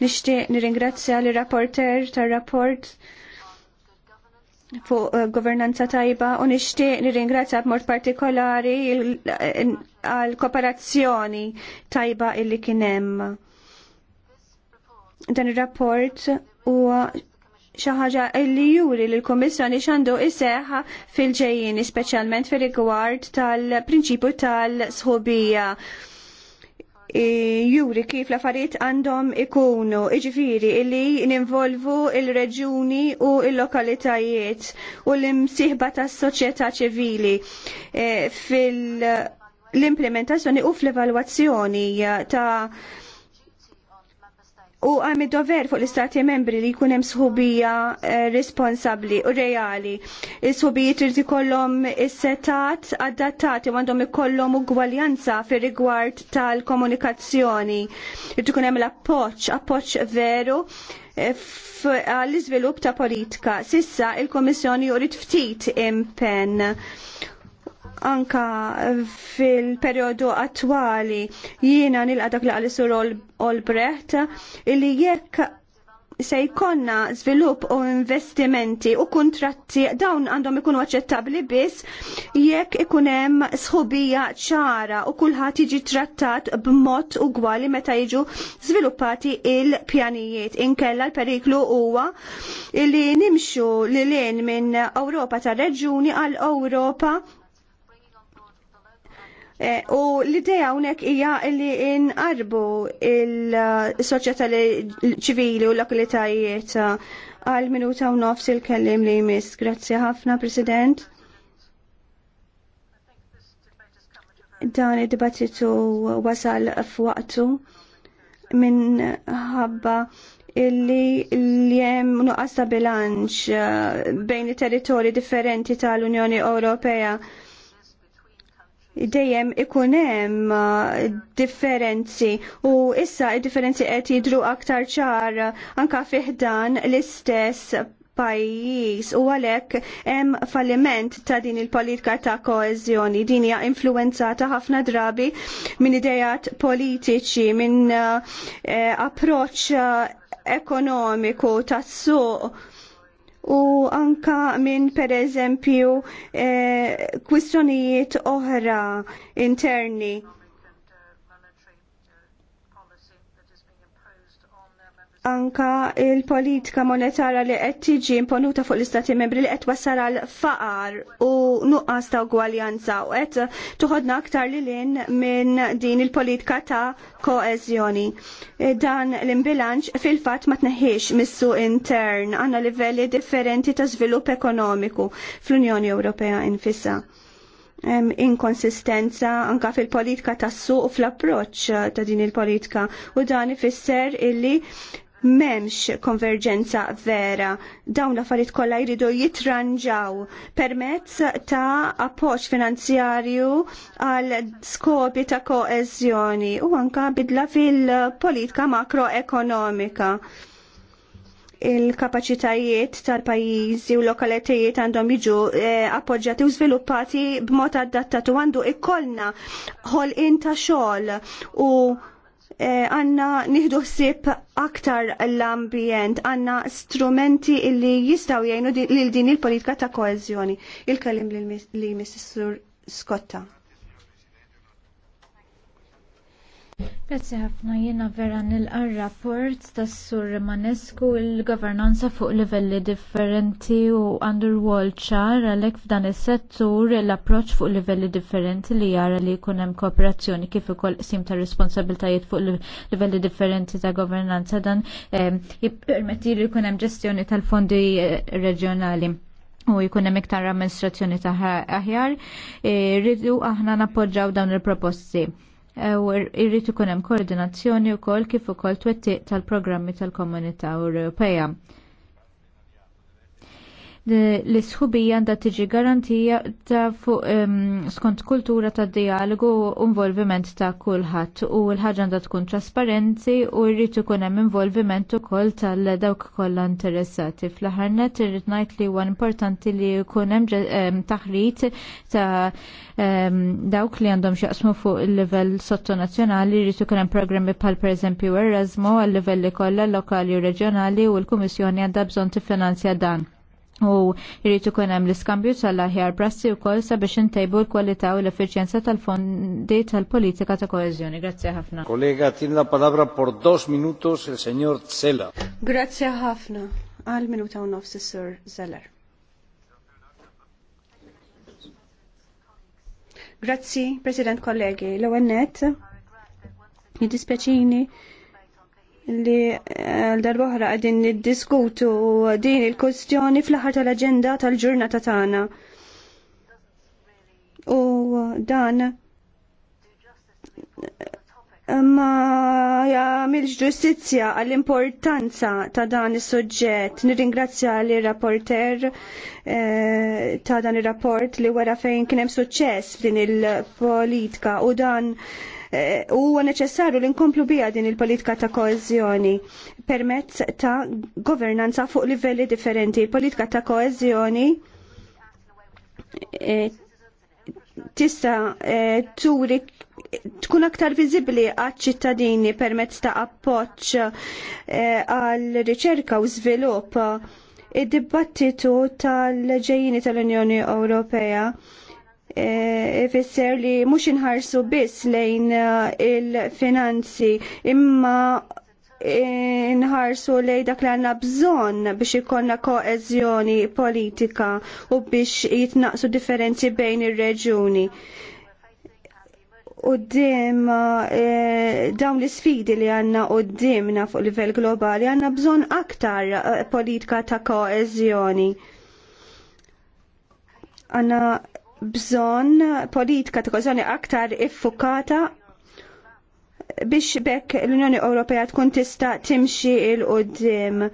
Nixtieq nirringrazzja li rapporter tar-rapport fuq eh, governanza tajba u nixtieq nirringrazzja b'mod partikolari għal kooperazzjoni tajba illi kien hemm. Dan ir-rapport huwa xaħġa ħaġa juri li l-Kummissjoni x'għandu iseħħa fil-ġejjin, speċjalment fir-rigward tal-prinċipju tal-sħobija. Juri kif l-affarijiet għandhom ikunu, iġifiri illi ninvolvu il-reġuni u il-lokalitajiet u l-imsiħba tas-soċjetà ċivili eh, fil- implementazzjoni u fl-evalwazzjoni ta' u għam dover fuq l-istati membri li jkun hemm sħubija eh, responsabbli u reali. Is-sħubijiet irid ikollhom is-setat adattati u għandhom ikollhom ugwaljanza fir-rigward tal-komunikazzjoni. Irid ikun hemm l-appoġġ, appoġġ veru eh, għall-iżvilupp ta' politika. Sissa il-Komissjoni jurid ftit impenn anka fil-periodu attwali jiena nilqa dak li għal-sur Olbrecht li jekk se jkonna żvilupp u investimenti u kontratti dawn għandhom ikunu aċċettabbli biss jekk ikun hemm sħubija ċara u kulħadd jiġi trattat b'mod ugwali meta jiġu żviluppati il-pjanijiet. Inkella l-periklu huwa li nimxu lil minn Ewropa tar-reġuni għal Ewropa Eh, u l-ideja unek hija li inqarbu il-soċjetà ċivili u l-lokalitajiet eh, għal minuta u nofs il-kellim li jmiss. Grazzi ħafna, President. Dan id-dibattitu wasal f'waqtu ħabba illi l-jem nuqqas ta' bilanċ eh, bejn i territori differenti tal-Unjoni Ewropea dejjem ikun hemm uh, differenzi u issa id-differenzi qed jidhru aktar ċar uh, anka fiħdan l-istess pajjiż u għalhekk hemm falliment ta' din il-politika ta' koeżjoni. Din hija influenzata ħafna drabi minn idejat politiċi, minn uh, eh, approċċ ekonomiku tas-suq u anka minn per eżempju eh, kwistjonijiet oħra interni anka il-politika monetarja li qed tiġi imponuta fuq l-istati membri li qed wassal għal faqar u nuqqas ta' ugwaljanza u qed toħodna aktar li lin minn din il-politika ta' koeżjoni. Dan l-imbilanċ fil-fatt ma tneħħiex missu intern għandna livelli differenti ta' żvilupp ekonomiku fl-Unjoni Ewropea infissa inkonsistenza anka fil-politika tas-suq u fl-approċċ ta' din il-politika u dan ifisser illi memx konverġenza vera. Dawn l-affarijiet kollha jridu jitranġaw permezz ta' appoġġ finanzjarju għal skopi ta' koeżjoni u anka bidla fil-politika makroekonomika il-kapacitajiet tal-pajjiżi u lokalitajiet għandhom jiġu eh, u sviluppati b'mod adattat u għandu ikollna ħolqien ta' xogħol u Eh, għanna nieħdu ħsieb aktar l-ambjent, għanna strumenti illi jistaw jgħinu lil din il-politika ta' koezjoni. Il-kalim li Mrs. Scotta. Grazzi ħafna jiena vera nilqa' rapport tas Sur Manesku il-governanza fuq livelli differenti u underwall ċar għalhekk f'dan is-settur l-approċċ fuq livelli differenti li jara li jkun hemm kooperazzjoni kif ukoll qsim ta' responsabiltajiet fuq livelli differenti ta' governanza dan ehm, jippermetti li jkun hemm ġestjoni tal-fondi eh, reġjonali u jkun hemm iktar amministrazzjoni ta' aħjar, eh, rridu aħna nappoġġaw dawn il-proposti u irrid ikun hemm koordinazzjoni wkoll kif ukoll twettiq tal-programmi tal-Komunità Ewropea l-isħubija għandha tiġi garantija ta' fuq um, skont kultura ta' dialogu u involviment ta' kulħadd u l-ħaġa għandha tkun trasparenti u jrid ikun hemm involviment ukoll tal-dawk kollha interessati. Fl-aħħar net irrid ngħid li huwa importanti li jkun hemm taħrit ta' dawk li għandhom x'jaqsmu fuq il-livell sottonazzjonali jrid ikun hemm programmi bħal pereżempju Erasmo għal livelli kollha lokali u reġjonali u l-Kummissjoni għandha bżonn tiffinanzja dan. U jrid ikun hemm l-iskambju tal-aħjar prassi wkoll sabiex intejbu l-kwalità u l-effiċjenza tal-fondi tal-politika ta' koeżjoni. Grazzi ħafna. Kollega, tin la palabra por dos minutos il-Senjor Zella. Grazzi ħafna. Għal minuta u nofs sur Zeller. Grazzi, President kollegi. L-ewwel jidispeċini, li eh, l-darba għadin niddiskutu din il-kwestjoni fl-aħħar tal-aġenda tal-ġurnata tagħna. U dan ma jagħmilx ġustizzja għall-importanza ta' dan is-suġġett. Nirringrazzja li rapporter eh, ta' dan ir-rapport li wara fejn kien hemm suċċess f'din il-politika u dan Eh, huwa neċessarju li nkomplu biha din il-politika ta' koeżjoni permezz ta' governanza fuq livelli differenti. Il-politika ta' koeżjoni eh, tista' eh, turi tkun aktar viżibbli għaċ-ċittadini permezz ta' appoġġ għal riċerka u żvilupp id-dibattitu tal-ġejjini tal-Unjoni Ewropea Eh, ifisser li mhux inħarsu biss lejn eh, il-finanzi imma eh, nħarsu lej dak li għanna bżon biex ikonna koezjoni politika u biex jitnaqsu differenzi bejn ir-reġuni. U dim dawn l-sfidi li għanna u dimna fuq livell globali għanna bżon aktar politika ta' koezjoni għanna bżonn politika ta' kożjoni aktar iffukata biex bekk l-Unjoni Ewropea tkun tista' timxi il qudiem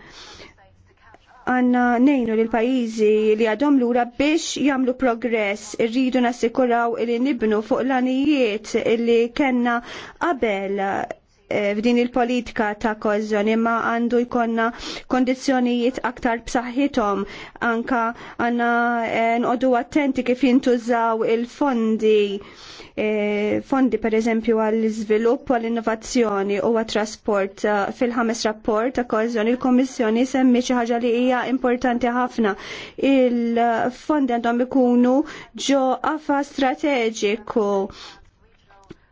għanna nejnu l pajizi li għadhom lura biex jamlu progress irridu nassikuraw li nibnu fuq l-anijiet li kena qabel Eh, f'din il-politika ta' kozzjoni ma għandu jkonna kondizjonijiet aktar b'saħħithom anka għanna eh, nqodu attenti kif jintużaw il-fondi eh, fondi per eżempju għall-iżvilupp għall-innovazzjoni u għat-trasport fil-ħames rapport ta' kozzjoni il-Kommissjoni semmi xi ħaġa li hija importanti ħafna il-fondi għandhom ikunu ġo qafa strateġiku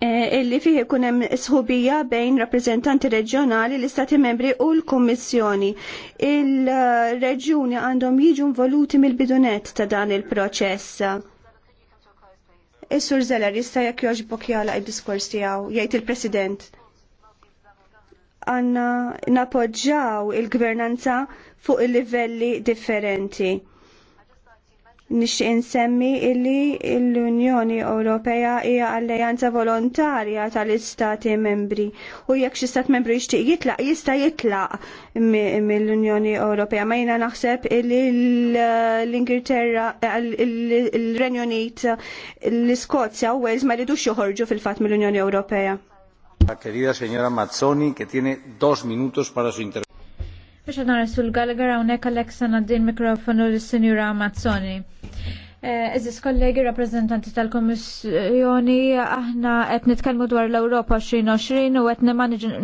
Eh, illi fih ikun hemm sħubija bejn rappreżentanti reġjonali l-Istati Membri u l-Kummissjoni. Il-reġjuni għandhom jiġu involuti mill-bidunet ta' dan il-proċess. Is-Sur Zeller jista' jekk jogħġbok jagħlaq id-diskors tiegħu, jgħid il-President. Għandna napoġġaw il-gvernanza fuq il-livelli differenti nixtieq insemmi illi l-Unjoni Ewropea hija alleanza volontarja tal-istati membri u jekk xi stat membru jixtieq jitlaq jista' jitlaq mill-Unjoni Ewropea ma jiena naħseb illi l-Ingilterra l-Renju Unit l-Iskozja u Wales ma jridux joħorġu fil-fatt mill-Unjoni Ewropea. Querida señora Mazzoni, que tiene dos minutos para su intervención. Biex għadna rasul Gallagher għawnek Alexa naddin mikrofonu l-Sinjura Mazzoni. Eh, eżis kollegi rappresentanti tal-Komissjoni, aħna qed nitkellmu dwar l-Ewropa 2020 u qed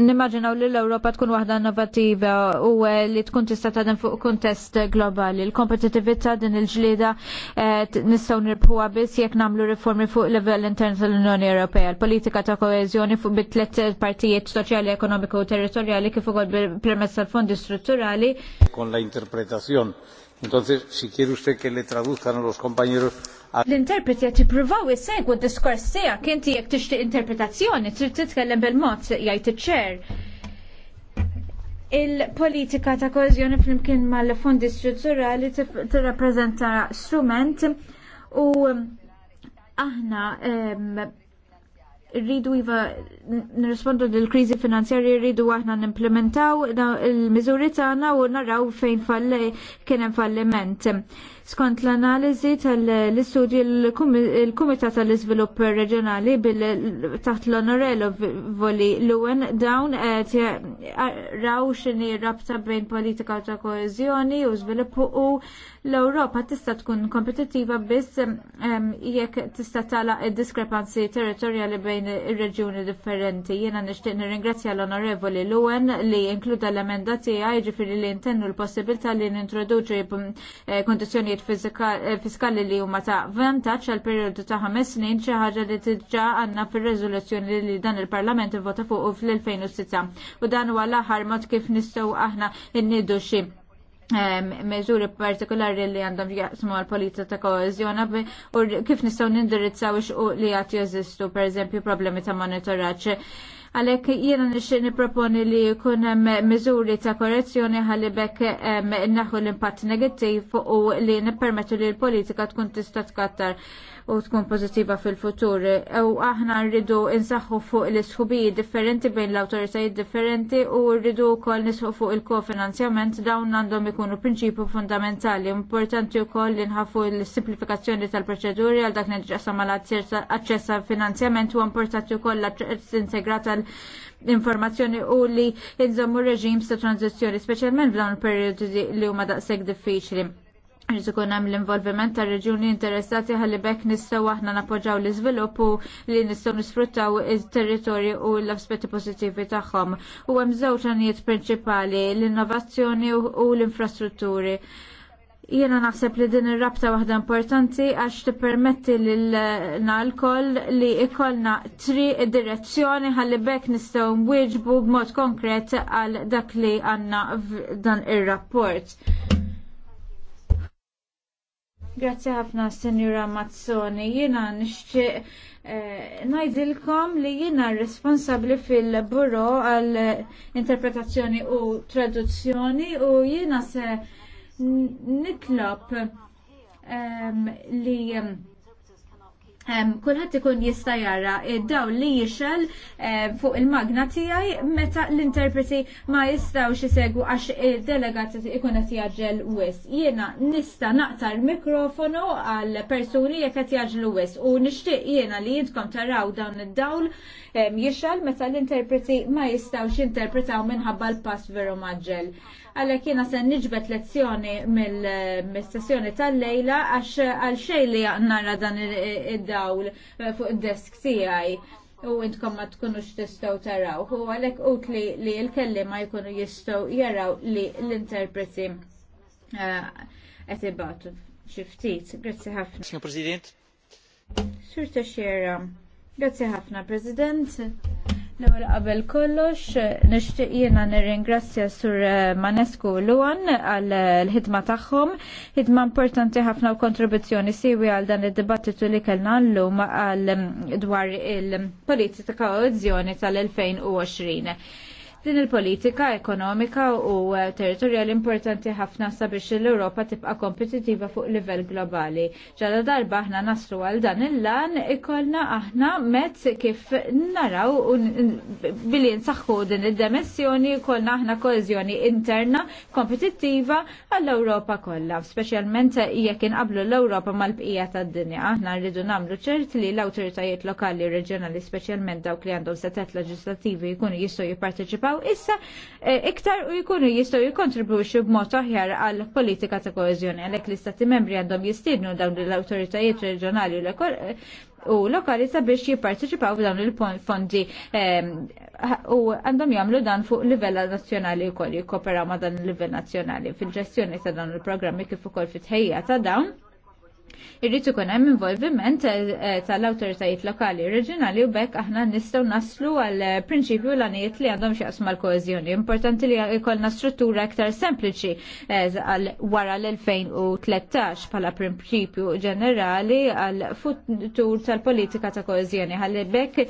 nimmaġinaw li l-Ewropa tkun waħda innovattiva u eh, li tkun tista' tadem fuq kuntest globali. L-kompetittività din il-ġlieda eh, nistgħu nirbħuha biss jekk nagħmlu riformi fuq livell intern tal-Unjoni Ewropea. L-politika ta' koeżjoni fuq bit-tliet partijiet soċjali, ekonomiku u territorjali kif ukoll permezz tal-fondi strutturali. Kon la interpretazzjon Entonces, si quiere usted que le traduzcan a los compañeros L-interpreti qed jippruvaw jisegwu d-diskors tiegħek inti jekk tixtieq interpretazzjoni trid titkellem bil-mod jgħid iċ-ċer. Il-politika ta' koeżjoni flimkien mal-fondi strutturali tirrappreżenta strument u ehm, aħna ehm, rridu jiva nirrispondu l-krizi finanzjarja rridu aħna nimplementaw il-miżuri tagħna u naraw fejn falle kien hemm falliment. Skont l-analiżi tal-istudju l-Kumitat tal-Iżvilupp Reġjonali taħt l-Onorello Voli Luen dawn raw xini rabta bejn politika ta' koeżjoni u żvilupp u l-Ewropa tista' tkun kompetittiva biss ehm, jekk tista' tagħlaq id-diskrepanzi territorjali bejn ir-reġjuni differenti. Jiena nixtieq nirringrazzja l-Onorevoli Luen li inkluda l-emenda tiegħi ġifieri li ntennu l-possibilità li nintroduċi eh, kondizzjonijiet affarijiet eh, fiskali li huma ta' vantaġġ għal perjodu ta' ħames snin xi ħaġa li diġà għandna fir-riżoluzzjoni li dan il-Parlament ivvota fuq fl-2006 u dan huwa l-aħħar mod kif nistgħu aħna nniddu xi meżuri partikolari li għandhom jaqsmu għal-polizza ta' koezjona u kif nistgħu nindirizzaw ix li għat jeżistu, per eżempju, problemi ta' monitoraċ. Għalhekk jiena nixtieq nipproponi li jkun hemm miżuri ta' korrezzjoni ħalli bekk naħu l-impatt negattiv u li nippermettu li l-politika tkun tista' tkattar u tkun pożittiva fil-futur. U aħna rridu insaħħu fuq l-isħubiji differenti bejn l-awtoritajiet differenti u rridu wkoll nisħu fuq il-kofinanzjament dawn għandhom ikunu prinċipju fundamentali. Importanti wkoll li nħafu l-simplifikazzjoni tal-proċeduri għal dak neġġaqsam għal aċċess finanzjament u importanti wkoll l-aċċess integrata tal-informazzjoni u li jinżommu reġim sta' tranzizjoni, speċjalment f'dawn periodi li huma daqshekk diffiċli. Rizikun għam hemm l-involviment tar reġuni interessati għalli bekk nistgħu aħna nappoġġaw l-iżvilupp u li nistgħu nisfruttaw il-territorju u l-aspetti pożittivi tagħhom. U hemm żewġ prinċipali l-innovazzjoni u l-infrastrutturi. Jiena naħseb li din ir-rabta waħda importanti għax tippermetti lilna l-koll li ikollna tri direzzjoni ħalli bekk nistgħu nwieġbu b'mod konkret għal dak li għandna dan ir-rapport. Grazzi ħafna Senjura Mazzoni, jiena nixtieq eh, ngħidilkom li jiena responsabbli fil-buro għall interpretazzjoni u traduzzjoni u jiena se nitlob li kulħadd ikun jista' jara daw li jixel fuq il-magna tiegħi meta l-interpreti ma jistaw xisegu għax il-delegat ikun qed jaġġel wis. Jiena nista' naqtar mikrofonu għal persuni jekk qed jaġlu wis u nixtieq jiena li jintkom taraw dawn id-dawl jixel meta l-interpreti ma jistgħux jinterpretaw minħabba l-pass veru maġġel għalhekk jiena se niġbet lezzjoni mill-sessjoni tal-lejla għax għal xejn li nara dan id-dawl eh, fuq id-desk tijaj u intkom ma tkunux tistaw taraw. U għalek ut li, li l-kelli ma jkunu jistaw jaraw li l-interpreti għetibatu eh, uh, xiftit. Grazie ħafna. Signor President. Sur xiera. Grazie ħafna, President. L-ewwel qabel kollox nixtieq jiena nirringrazzja sur eh, Manesku Luan għal eh, l-ħidma tagħhom, ħidma importanti ħafna u kontribuzzjoni siwi għal dan id-dibattitu li kellna llum għal mm, dwar il-politika u tal-2020. Din il-politika ekonomika u eh, territorjali importanti ħafna sabiex l-Europa tibqa' kompetitiva fuq livell globali. Ġala darba aħna naslu għal dan il-lan ikolna aħna mezz kif naraw billi nsaħħu din id-demissjoni ikolna aħna koezjoni interna kompetittiva għall-Europa kollha, speċjalment jekk inqablu l-Europa mal-bqija tad-dinja. Aħna rridu nagħmlu ċert li l-awtoritajiet lokali u reġjonali speċjalment dawk li għandhom setet leġislattivi jkunu jistgħu jipparteċipaw jinsabaw issa eh, iktar u jkunu jistgħu jikkontribwixxu b'mod aħjar għal politika ta' koeżjoni għalhekk l-istati membri għandhom jistiednu dawn l-awtoritajiet reġjonali u lokali sabiex jipparteċipaw f'dawn il-fondi eh, u għandhom jagħmlu dan fuq livell nazzjonali wkoll jikkoperaw ma' dan il-livell nazzjonali fil-ġestjoni ta' dawn il-programmi kif ukoll fit-tħejja ta' dawn Irrid ikun hemm involviment eh, tal-awtoritajiet lokali, reġjonali u bekk aħna nistgħu naslu għal eh, prinċipju l għanijiet li għandhom x'jaqsmu mal-koeżjoni. Importanti li jkollna struttura iktar sempliċi eh, għal wara l-2013 bħala prinċipju ġenerali għal futur tal-politika ta' koeżjoni ħalli bekk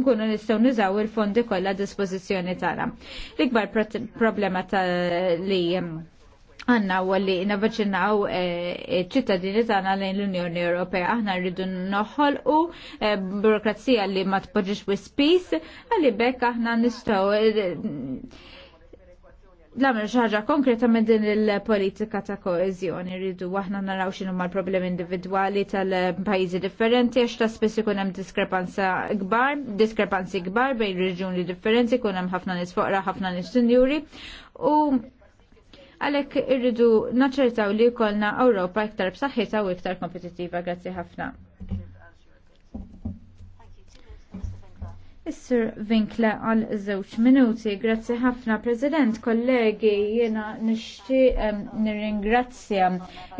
nkunu nistgħu niżaw il-fondi kollha dispożizzjoni tagħna. L-ikbar problema ta' li għanna u għalli nabbaċinaw eh, ċittadini tagħna lejn l-Unjoni Ewropea. Aħna rridu noħol u eh, burokrazija li ma tpoġġiex spis, għalli bekk aħna nistgħu l-għamil eh, xaħġa konkreta minn din il-politika ta' koezjoni rridu għahna naraw xinu ma' problemi individuali tal-pajizi differenti għax ta' spess ikun hemm diskrepanza kbar, diskrepanzi kbar bejn reġjuni differenti, kun hemm ħafna nis ħafna nis sinjuri u għalhekk irridu naċċertaw li jkollna Ewropa iktar b'saħħitha u iktar kompetittiva. Grazzi ħafna. Is-Sir Vinkle għal żewġ minuti. Grazzi ħafna, President, kollegi, jiena nixtieq nirringrazzja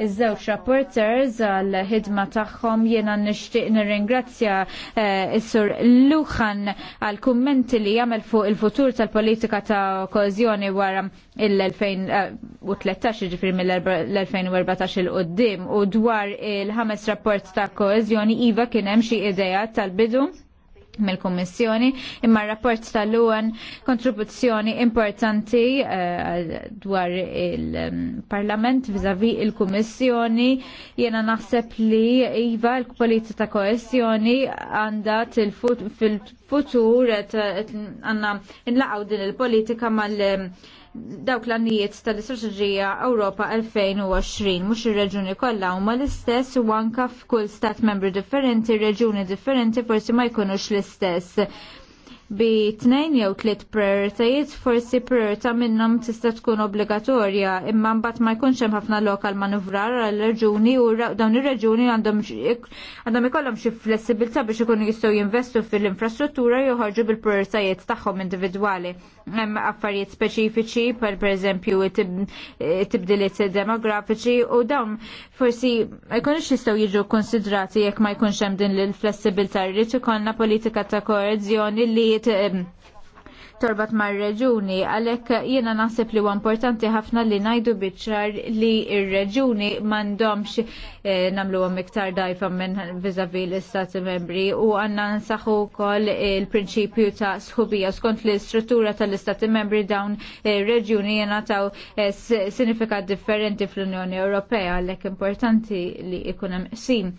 iż-żewġ rapporters għal ħidma tagħhom, jiena nixtieq nirringrazzja eh, is-Sur Luħan għal kummenti li jagħmel fuq il-futur tal-politika ta' kożjoni wara il-2013 eh, ġifri mill-2014 il-qoddim u dwar il-ħames rapport ta' koeżjoni iva kien hemm xi idea tal-bidu mill-Kommissjoni imma r-rapport tal-UN kontribuzzjoni importanti uh, dwar il-Parlament vizavi il-Kommissjoni jena naħseb li iva l-politika ta' koesjoni għanda fil-futur għanna nlaqaw din il-politika mal- dawk l-annijiet tal-istraġġija Ewropa 2020 mhux ir-reġuni kollha huma l-istess u anke f'kull stat membri differenti, reġuni differenti forsi ma jkunux l-istess bi tnejn jew tliet prioritajiet forsi priorità minnhom tista' tkun obbligatorja imma mbagħad ma jkunx hemm ħafna lokal manuvrar għal reġuni u dawn ir-reġuni għandhom għandhom ikollhom xi flessibilità biex ikunu jistgħu jinvestu fil-infrastruttura jew joħorġu bil-prioritajiet tagħhom individwali. Hemm affarijiet speċifiċi per pereżempju tibdiliet demografiċi u dawn forsi ma jkunux jistgħu jiġu konsidrati jekk ma jkunx hemm din l-flessibilità rrid ikollna politika ta' koerzjoni li trid torbat mar-reġuni, għalhekk jiena naħseb li huwa importanti ħafna li ngħidu biċċar li r-reġuni m'għandhomx namlu eh, nagħmluhom iktar dajfa minn vizavi l-istati membri u għandna nsaħħu wkoll il-prinċipju ta' sħubija skont li struttura tal-istati membri dawn ir-reġjuni eh, jingħataw eh, sinifikat differenti fl-Unjoni Ewropea għalhekk importanti li jkun hemm sim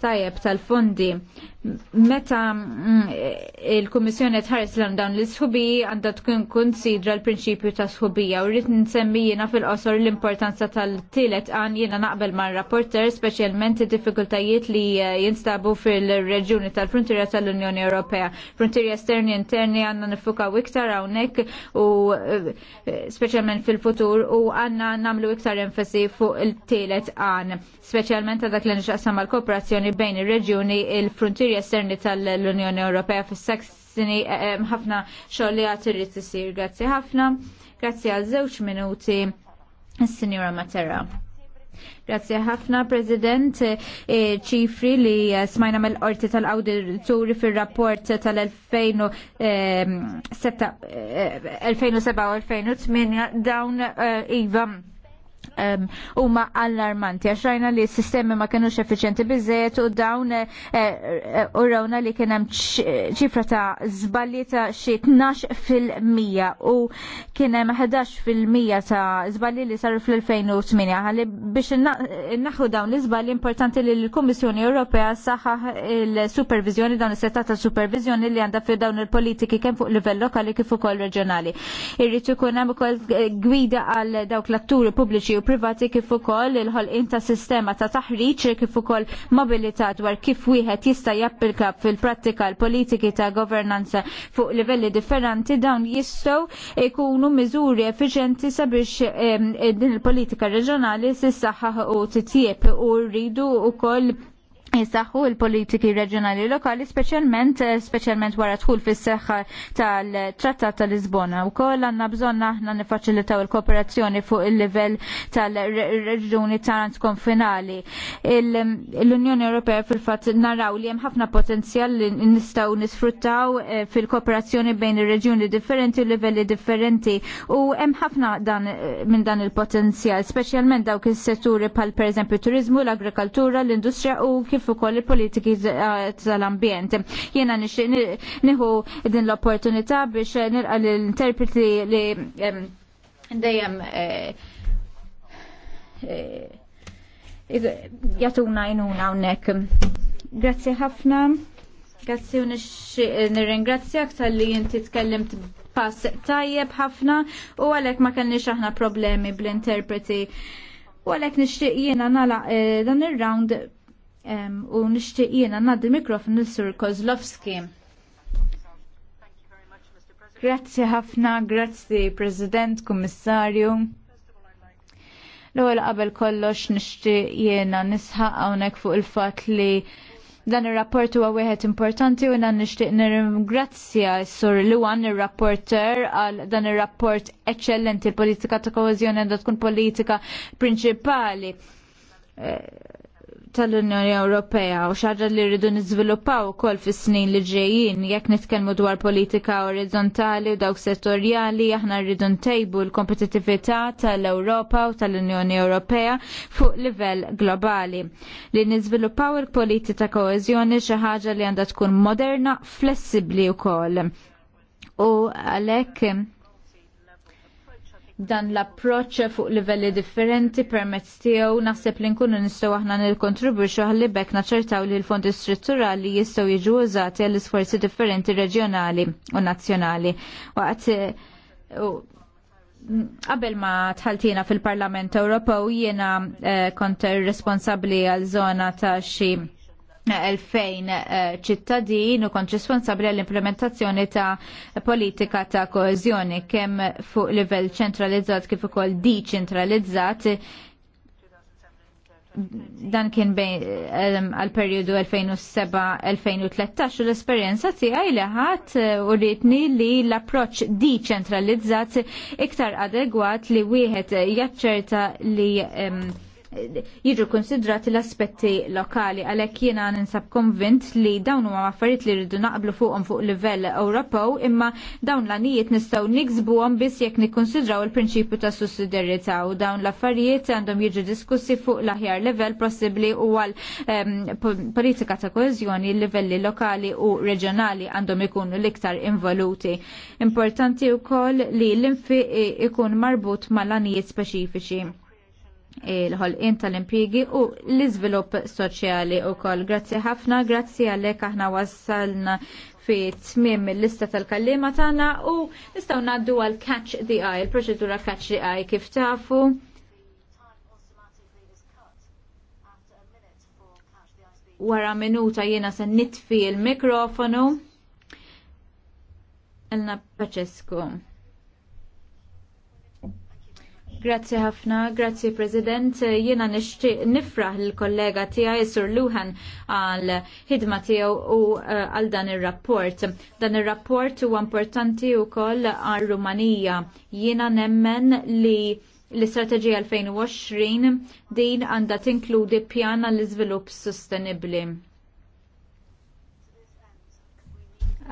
tajjeb tal-fondi meta mm, il-Kummissjoni tħares l dawn l-sħubi għandha tkun konsidra l-prinċipju ta' sħubija u rrid nsemmi jiena fil-qosor l-importanza tal-tielet għan jiena naqbel ma' rapporter speċjalment id-diffikultajiet li eh, jinstabu fil-reġjuni tal-frontiera tal-Unjoni Ewropea. Frontieri esterni e interni għandna nifukaw iktar hawnhekk u eh, speċjalment fil-futur u għandna nagħmlu iktar enfasi fuq il-tielet għan, speċjalment għadak li nġaqsam mal-kooperazzjoni bejn ir reġuni il-frontieri fil-frontieri esterni tal-Unjoni Ewropea fis-saksini eh, eh, ħafna xogħol li għad irrid isir. Grazzi ħafna. Grazzi għal żewġ minuti is-Sinjura Matera. Grazie ħafna, President. Eh, ċifri li smajna mill-qorti auditori fil fil-rapport tal-2007-2008 dawn IVA huma allarmanti għax rajna li s-sistemi ma kienux effiċenti biżejjed u dawn eh, eh, u rawna li kien hemm ċifra ta' żbalji ta' xi 12 fil-mija u kien hemm 11 fil-mija ta' żbalji li saru fl-2008 ħalli biex naħu dawn l-iżbalji importanti li l-Kummissjoni Ewropea saħħaħ il-supervizjoni dawn is-setta ta' supervizjoni li għandha fi dawn il-politiki kemm fuq livell lokali kif ukoll reġjonali. Irrid ikun hemm ukoll gwida għal dawk l-atturi pubbliċi pubbliċi u privati kif ukoll il-ħolqien ta' sistema ta' taħriġ kif ukoll mobilità dwar kif wieħed jista' japplika fil-prattika l-politiki ta' governanza fuq livelli differenti dawn jistgħu jkunu miżuri effiċenti sabiex din il-politika reġjonali sissaħħaħ u titjieb u rridu wkoll jinsaħħu il-politiki reġjonali lokali, speċjalment eh, speċjalment wara tħul fis seħħa tal-Trattat tal-Lisbona. Wkoll għandna bżonn aħna nifaċilitaw il-kooperazzjoni fuq il-livell tal-reġjuni transkonfinali. L-Unjoni Ewropea fil fatt naraw li hemm ħafna potenzjal li nistgħu nisfruttaw eh, fil-kooperazzjoni bejn ir-reġjuni differenti u livelli differenti u hemm ħafna dan eh, minn dan il-potenzjal, speċjalment dawk is-setturi bħal pereżempju turizmu, l-agrikoltura, l-industrija u kif kif ukoll il-politiki eh, tal-ambjent. Jiena nixtieq nieħu din l-opportunità biex nilqa' l-interpreti li dejjem eh, eh, jatuna jnuna unnek. Grazzi ħafna. Grazzi u nirringrazzjak tal-li jinti tkellimt pass tajjeb ħafna u għalek ma kellniex aħna problemi bl-interpreti. U għalek nixtieq jiena nala dan ir-round u nixtieq jiena ngħaddi mikrofon lil Sur Kozlowski. Grazzi ħafna, grazzi President, Kummissarju. L-ewwel qabel kollox nixtieq jiena nisħaq hawnhekk fuq il-fatt li dan ir-rapport huwa wieħed importanti u dan nixtieq nirringrazzja s-sur Luan ir-rapporter għal dan ir-rapport eċċellenti l-politika ta' koeżjoni għandha tkun politika prinċipali eh, tal-Unjoni Ewropea u xaġa li rridu niżviluppaw ukoll fis-snin li ġejjin jekk nitkellmu dwar politika orizzontali u dawk settorjali aħna rridu ntejbu l-kompetitività tal-Ewropa u tal-Unjoni Ewropea fuq livell globali. Li niżviluppaw il politika ta' koezjoni xi ħaġa li għandha tkun moderna, flessibbli wkoll. U għalhekk dan l-approċ fuq livelli differenti permezz tiegħu naħseb li nkunu nistgħu aħna nikkontribwixxu ħalli bekk naċċertaw li l-fondi strutturali jistgħu jiġu użati għall isforzi differenti reġjonali u nazzjonali. Waqt qabel ma tħaltina fil-Parlament Ewropew jiena eh, kont responsabbli għal żona ta' xi 2000 eh, ċittadin u kont responsabbli għall-implementazzjoni ta' politika ta' koezjoni kemm fuq livell ċentralizzat kif ukoll diċentralizzat dan kien bejn ehm, għal periodu 2007-2013 u l-esperienza tiegħi għaj ħadd eh, u rritni li l-approċċ diċentralizzat iktar adegwat li wieħed jaċċerta li ehm, jiġu konsidrati l-aspetti lokali għalhekk jiena ninsab konvint li dawn huma affarijiet li rridu naqblu fuqhom fuq livell Ewropew imma dawn l-anijiet nistgħu niksbuhom biss jekk nikkonsidraw il-prinċipju ta' sussidjarjetà u dawn l-affarijiet għandhom jiġu diskussi fuq l-aħjar level possibbli u għal politika ta' koeżjoni livelli lokali u reġjonali għandhom ikunu l-iktar involuti. Importanti wkoll li l-infi ikun marbut mal-anijiet speċifiċi il-ħolqin tal impigi u l-iżvilupp soċjali wkoll. Grazzi ħafna, grazzi għalhekk aħna wassalna fi tmiem mill lista tal-kallima tagħna u nistgħu ngħaddu għal catch the eye, il-proċedura catch the eye kif tafu. Wara minuta jiena se nitfi il-mikrofonu. Elna Pacescu. Grazzi ħafna, grazzi President. Jiena nixtieq nifraħ l-kollega tiegħi Sur Luhan għal ħidma tiegħu u eh, għal dan ir-rapport. Dan ir-rapport huwa importanti wkoll għal Rumanija. Jiena nemmen li l-istrateġija 2020 din għandha tinkludi pjan għall iżvilupp sostenibbli.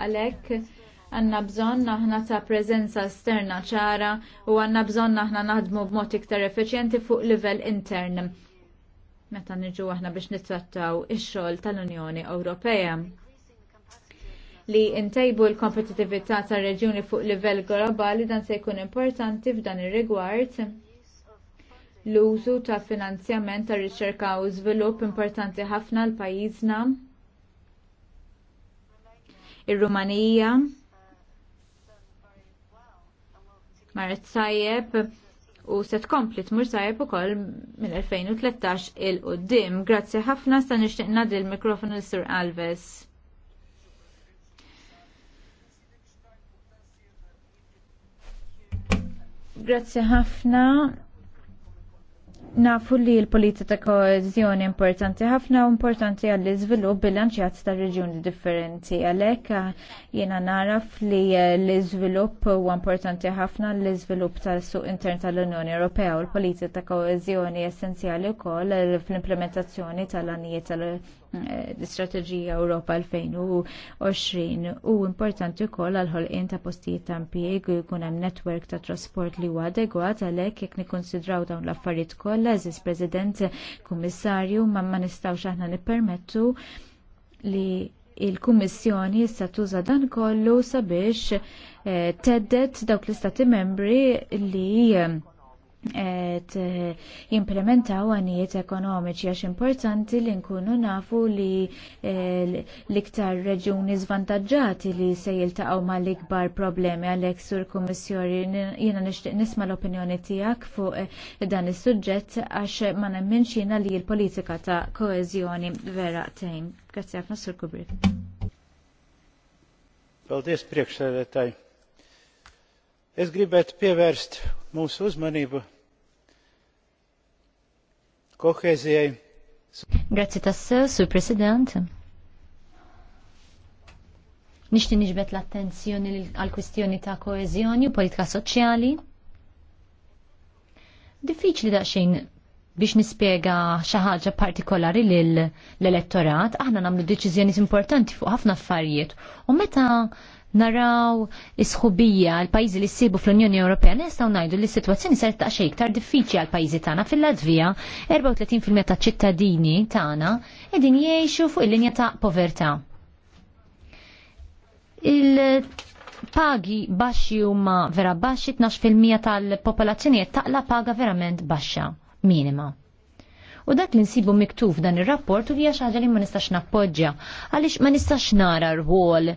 Għalhekk għanna bżon naħna ta' prezenza esterna ċara u għanna bżon naħna naħdmu b'mod iktar effiċjenti fuq livell intern. Meta nġu aħna biex nittrattaw ix-xogħol tal-Unjoni Ewropea li ntejbu l-kompetitività tar-reġjuni fuq livell globali dan se jkun importanti f'dan ir-rigward l-użu ta' finanzjament ta' riċerka u żvilupp importanti ħafna l pajjiżna ir-Rumanija, marret sajjeb u set komplit mur sajjeb u koll mill-2013 il-qoddim. Grazzi ħafna sta nixtieq ngħaddi l-mikrofonu l sur Alves. Grazzi ħafna. Nafu li l-politika ta' koezjoni importanti ħafna u importanti għall iżvilupp bilanċjat ta' reġjuni differenti. Għalhekk ah, jiena naraf li eh, l-iżvilupp huwa importanti ħafna l iżvilupp tal-suq intern tal-Unjoni Ewropea u l-politika ta' koezjoni essenzjali wkoll fl-implementazzjoni tal-anijiet tal-Istrateġija eh, Ewropa 2020 u importanti wkoll għal ħolqien ta' postijiet ta' impjieg u jkun hemm netwerk ta' trasport li huwa adegwat għalhekk jekk nikkonsidraw dawn l-affarijiet kollha l aziz President, Kummissarju, ma ma nistgħux aħna nippermettu li il-Kummissjoni issa tuża dan kollu sabiex eh, teddet dawk l-istati membri li eh, et eh, implementaw għanijiet ekonomiċi għax importanti li nkunu nafu li eh, l-iktar reġuni zvantagġati li se jiltaqaw ma l-ikbar problemi għalek sur kommissjoni jena nishtiq nisma l-opinjoni tijak fuq eh, dan is suġġett għax ma nemminx jena li l-politika ta' koezjoni vera tejn. Grazie għafna sur Kubrick. Għaldis, priekšsēdētāji. Es gribētu pievērst mūsu uzmanību Kohezie. Grazzi tassew, Sur President. Nixti nixbet l-attenzjoni għal-kwistjoni ta' koezjoni u politika soċjali. Diffiċli daqsxejn biex nispjega xi ħaġa partikolari lill elettorat aħna nagħmlu deċiżjonijiet importanti fuq ħafna affarijiet. U meta naraw isħubija għal pajjiżi li ssibu fl-Unjoni Ewropea nistgħu ngħidu li s-sitwazzjoni se ta' xejn iktar diffiċi għal pajjiżi tagħna fil-Latvija 34% ta' ċittadini tagħna qegħdin jgħixu fuq il-linja ta' povertà. Il-pagi baxxi huma vera baxxi 12% tal-popolazzjoni qed taqla paga verament baxxa minima. U dak li nsibu miktuf dan ir-rapport u hija xi ħaġa li ma nistax nappoġġja għaliex ma nistax nara rwol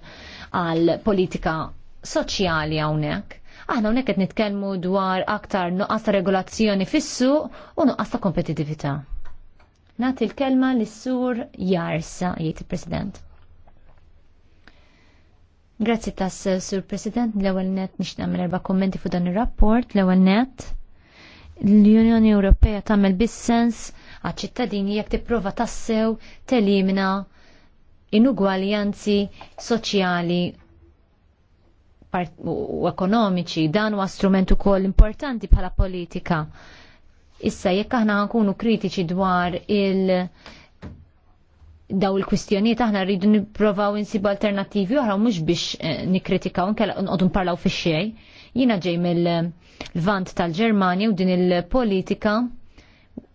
għal politika soċjali hawnhekk. Aħna hawnhekk qed nitkellmu dwar aktar nuqqas ta' regolazzjoni fis-suq u nuqqas ta' kompetitività. Nagħti l-kelma lis-sur Jarsa, jgħid il-President. Grazzi tas sur President, l-ewwel net nix nagħmel erba' kummenti fuq dan ir-rapport, l-ewwel net l-Unjoni Ewropea tagħmel bis-sens għaċ-ċittadini jekk tipprova tassew telimna inugwaljanzi soċjali u ekonomiċi dan huwa strument ukoll importanti bħala politika. Issa jekk aħna nkunu kritiċi dwar il daw il-kwistjonijiet aħna rridu nipprovaw insibu alternattivi oħra mhux biex eh, nikkritikaw nkella nqogħdu nparlaw fix-xejn. Jiena ġej mill-vant tal-Ġermanja u din il-politika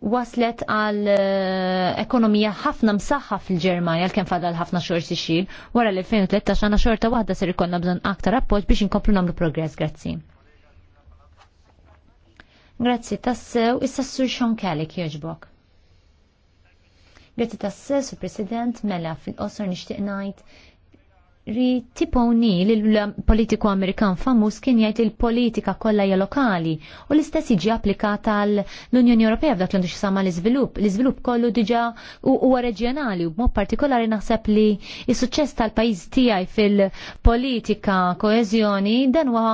waslet għal eh, ekonomija ħafna msaħħa fil-Ġermanja l-kem fadal ħafna xor xil wara l-2013 għana xorta waħda ser ikonna bżon aktar appoġġ biex inkomplu namlu progress, grazzi. Grazzi tassew, issa s-sur Sean Kelly kjoġbok. Grazzi tassew, sur President, mela fil-qosor nishtiq najt Henry li l-politiku Amerikan Famus kien jgħid il-politika kollha hija lokali u l-istess jiġi applikata l-Unjoni Ewropea f'dak l-għandu xisama l-iżvilupp. L-iżvilupp kollu diġà huwa reġjonali u b'mod partikolari naħseb li s-suċċess tal-pajjiż tiegħi fil-politika koeżjoni dan huwa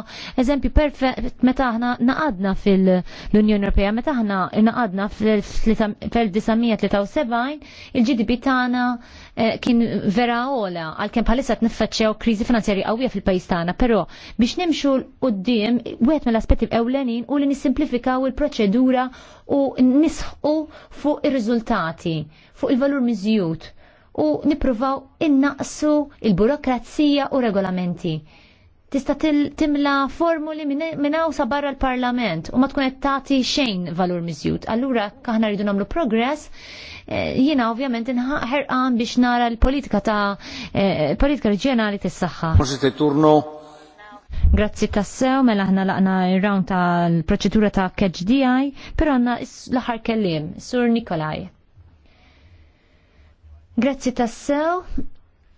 eżempju perfett meta aħna naqadna fil-Unjoni Ewropea, meta aħna naqadna fil-1973 il-GDP tagħna kien vera ola għalkemm bħalissa tniffer taċċew kriżi finanzjarja qawwija fil-pajjiż tagħna, però biex nimxu l qudiem wieħed mill-aspetti ewlenin u li nissimplifikaw il-proċedura u nisħu fuq ir-riżultati, fuq il-valur miżjud u nippruvaw innaqsu il-burokrazija u regolamenti tista timla formuli minnaw sa barra l-parlament u ma tkun qed tagħti xejn valur miżjud. Allura kaħna rridu nagħmlu progress, eh, jiena ovvjament ħerqan biex nara l-politika ta' eh, politika reġjonali tas-saħħa. turno. Grazzi tassew, mela ħna laqna ir-round tal-proċedura ta' KHDI, però għanna l-aħħar kellim, Sur Nikolaj. Grazzi tassew,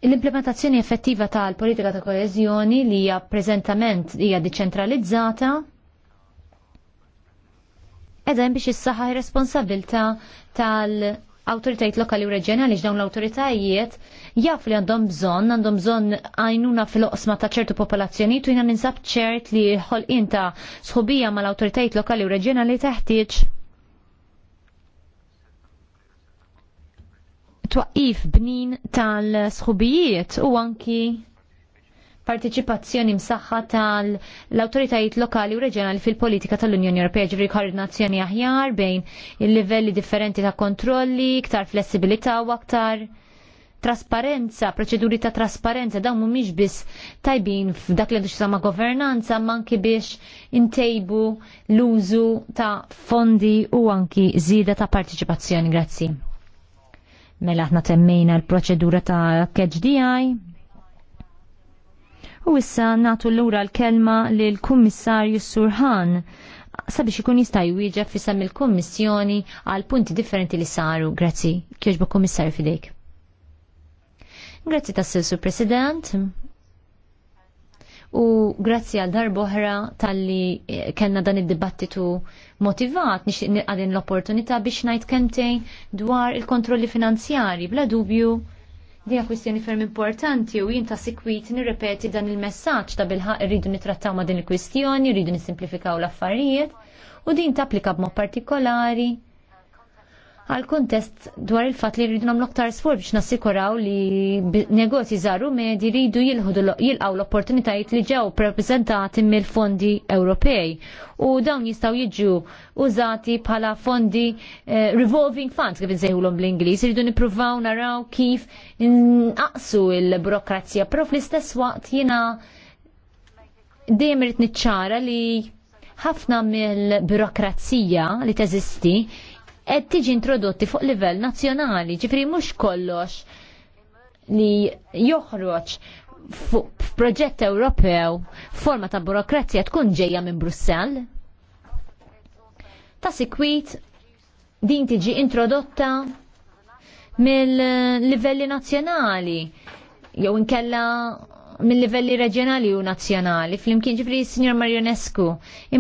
L-implementazzjoni effettiva tal-politika ta' koeżjoni li hija preżentament hija diċentralizzata edhem biex jissaħħa responsabilta tal-autoritajiet lokali u reġjonali x'dawn l-awtoritajiet jaf li għandhom bżonn, għandhom bżonn għajnuna fil-oqsma ta' ċertu popolazzjoni u jina ninsab ċert li ħolqien ta' sħubija mal-awtoritajiet lokali u reġjonali teħtieġ twaqif bnin tal-sħubijiet u anki partiċipazzjoni msaħħa tal-autoritajiet lokali u reġjonali fil-politika tal-Unjoni Ewropea ġifri koordinazzjoni aħjar bejn il-livelli differenti ta' kontrolli, iktar flessibilità u aktar trasparenza, proċeduri ta' trasparenza dawn mhumiex biss tajbin f'dak li sama governanza, manki biex intejbu l-użu ta' fondi u anki żieda ta' partiċipazzjoni. Grazzi. Mela aħna temmejna l-proċedura ta' KHDI. U issa natu l-ura l-kelma l-Kummissarju Surhan sabiex ikun jista' jwieġeb fi sam il-Kummissjoni għal punti differenti li saru. Grazzi, kieġbu Kummissarju fidejk. Grazzi tas Sur President u grazzi għal darboħra tal-li eh, kena dan id-dibattitu motivat nix għadin l-opportunità biex najt kemtejn dwar il-kontrolli finanzjari. Bla dubju, dija kwistjoni ferm importanti u jinta sikwit nirrepeti dan il-messagġ ta' bilħa rridu nitrattaw ma' din il-kwistjoni, rridu nisimplifikaw l-affarijiet u din tapplika b'mod partikolari għal kontest dwar il-fat li rridu nagħmlu aktar sfor biex nassikuraw li negozji żaru medi jridu jilqgħu l-opportunitajiet li ġew prezentati mill-fondi Ewropej u dawn jistgħu jiġu użati bħala fondi eh, revolving funds kif l-om bl inglis rridu nippruvaw naraw kif naqsu l-burokrazija però fl-istess waqt jina dejjem irid niċċara li ħafna mill-burokrazija li teżisti qed tiġi introdotti fuq livell nazzjonali, ġifri mhux kollox li joħroġ f'proġett Ewropew forma ta' burokrazija tkun ġejja minn Brussell. Ta' sikwit din tiġi introdotta mill-livelli nazzjonali jew inkella mill-livelli reġjonali u nazzjonali. Flimkien ġifri, s s-Sinjor Marionescu,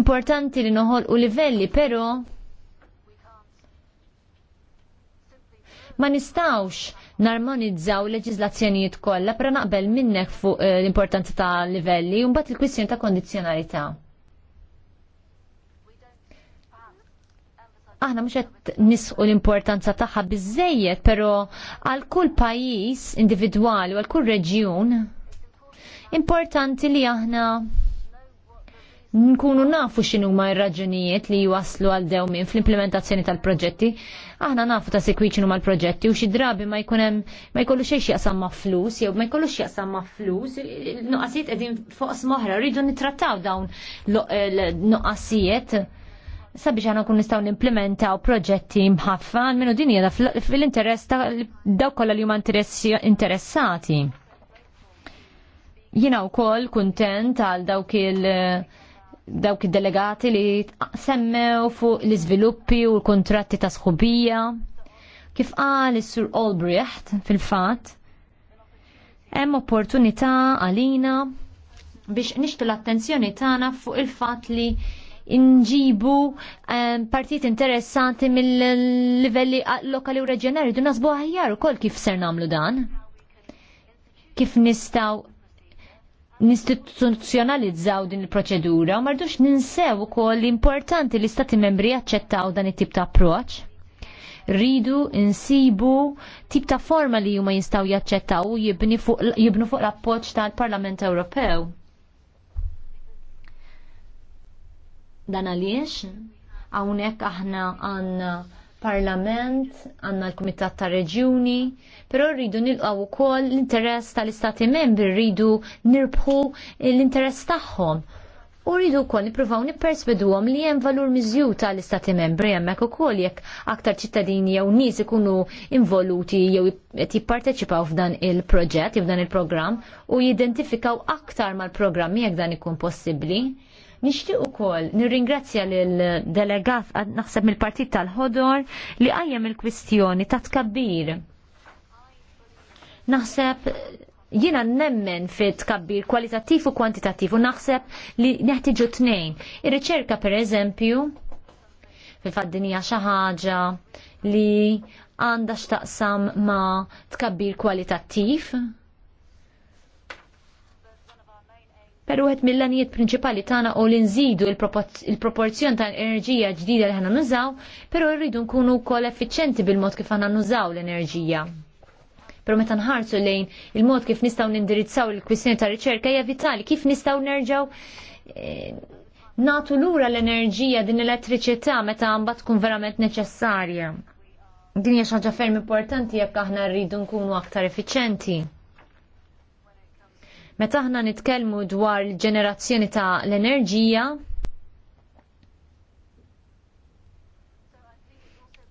importanti li noħolqu livelli, però Ma nistawx narmonizzaw leġizlazzjonijiet kollha pra naqbel minnek fuq eh, l-importanza ta' livelli u mbagħad il kwissjoni ta' kondizzjonalità. Aħna mhux qed nisqu l-importanza tagħha biżejjed, però għal kull pajjiż individwali u għal kull reġjun importanti li aħna nkunu nafu xinu ma r-raġunijiet li jwaslu għal minn fl-implementazzjoni tal-proġetti. Aħna nafu ta' sekwi x'inhu mal-proġetti u xi drabi ma jkun hemm ma jkollu xejn jaqsam ma' flus jew ma jkollux jaqsam ma' flus, nuqqasijiet edin fuq smoħra rridu nittrattaw dawn nuqqasijiet sabiex ħana kun nistaw nimplementaw proġetti mħaffan minnu din jada fil-interess ta' daw kolla li huma interessati. Jina u kol kontent għal dawk il- dawk id-delegati li semmew fuq l-iżviluppi u l-kontratti ta' sħubija. Kif qal is-Sur Albrecht fil-fatt, hemm opportunità għalina biex nixtu l-attenzjoni tagħna fuq il-fatt li nġibu ehm, partit interessanti mill-livelli lokali u reġjonali. Du nasbu aħjar ukoll kif ser namlu dan. Kif nistaw nistituzzjonalizzaw din il-proċedura u mardux ninsew ukoll l-importanti li stati membri jaċċettaw dan it-tip ta' approċ. Ridu, insibu, tip ta' forma li huma jistgħu jaċċettaw u jibnu fuq l-appoġġ tal-Parlament Ewropew. Dan għaliex? Hawnhekk aħna għandna parlament, għanna l-Kumitat ta' Reġjuni, però rridu nilqaw ukoll l-interess tal-Istati membri, rridu nirbħu l-interess tagħhom. U rridu wkoll nippruvaw nippersveduhom li hemm valur miżju tal-Istati membri hemmhekk ukoll jekk aktar ċittadini jew nies ikunu involuti jew jipparteċipaw f'dan il-proġett, f'dan il-programm u jidentifikaw aktar mal-programmi jekk dan ikun possibbli Nixtieq ukoll nirringrazzja lil delegat naħseb mill-Partit tal-Ħodor li għajjem il-kwistjoni ta' tkabbir. Naħseb jina nemmen fit tkabbir kwalitattiv u kwantitattiv u naħseb li neħtiġu tnejn. Ir-riċerka per eżempju, fil-faddinija xaħġa li għanda xtaqsam ma tkabbir kwalitattiv Per wieħed mill-lanijiet prinċipali tagħna u li nżidu il-proporzjon ta' enerġija ġdida li ħana nużaw, però rridu nkunu wkoll effiċenti bil-mod kif ħana nużaw l-enerġija. Però meta nħarsu lejn il-mod kif nistgħu nindirizzaw il-kwissjoni ta' riċerka hija vitali kif nistgħu nerġgħu eh, natu lura l-enerġija din l-elettriċità meta mbagħad tkun verament neċessarja. Din hija xi ħaġa ferm importanti jekk aħna rridu nkunu aktar effiċenti. Meta aħna nitkellmu dwar l-ġenerazzjoni ta' l-enerġija,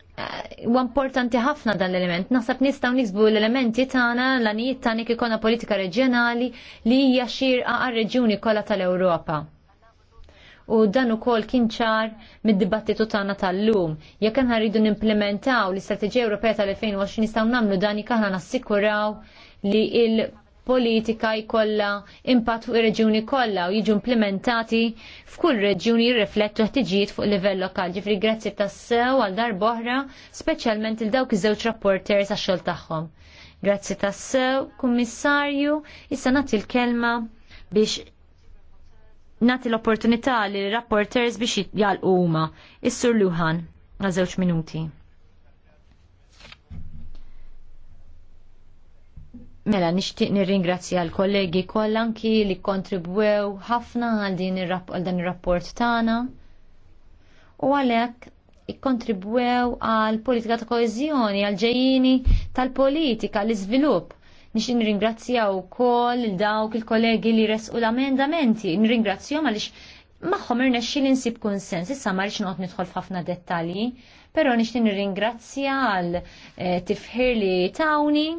eh, huwa importanti ħafna dan l-element. Naħseb nistgħu niksbu l-elementi tagħna l-anijiet tagħna kif ikollna politika reġjonali li hija xirqa għar-reġjuni kollha tal-Ewropa. U dan ukoll kien ċar mid-dibattitu tagħna tal-lum. Jekk aħna rridu nimplementaw l-Istrateġija Ewropea tal-2020 nistgħu nagħmlu dan jekk aħna nassikuraw li il politika jkollha impatt fuq ir-reġjuni kollha u jiġu implementati f'kull reġjuni jirriflettu ħtiġijiet fuq livell lokali. Ġifri grazzi tassew għal oħra, speċjalment il dawk iż-żewġ rapporters għax-xogħol tagħhom. Grazzi tassew, kummissarju, issa nagħti l-kelma biex nagħti l-opportunità li rapporters biex jgħalqu huma. Is-Sur Luhan, għal żewġ minuti. Mela, nixtieq nirringrazzja l-kollegi kollha anki li kontribwew ħafna għal din dan ir-rapport tagħna. U għalhekk ikkontribwew għal politika ta' koeżjoni, għal ġejjini tal-politika, l iżvilupp Nixtieq nirringrazzjaw ukoll il dawk il-kollegi li resqu l-amendamenti, nirringrazzjahom għaliex magħhom irnexxi li nsib kunsens, issa ma rridx noqgħod nidħol f'ħafna dettalji, però nixtieq nirringrazzja għal eh, tifħir li tawni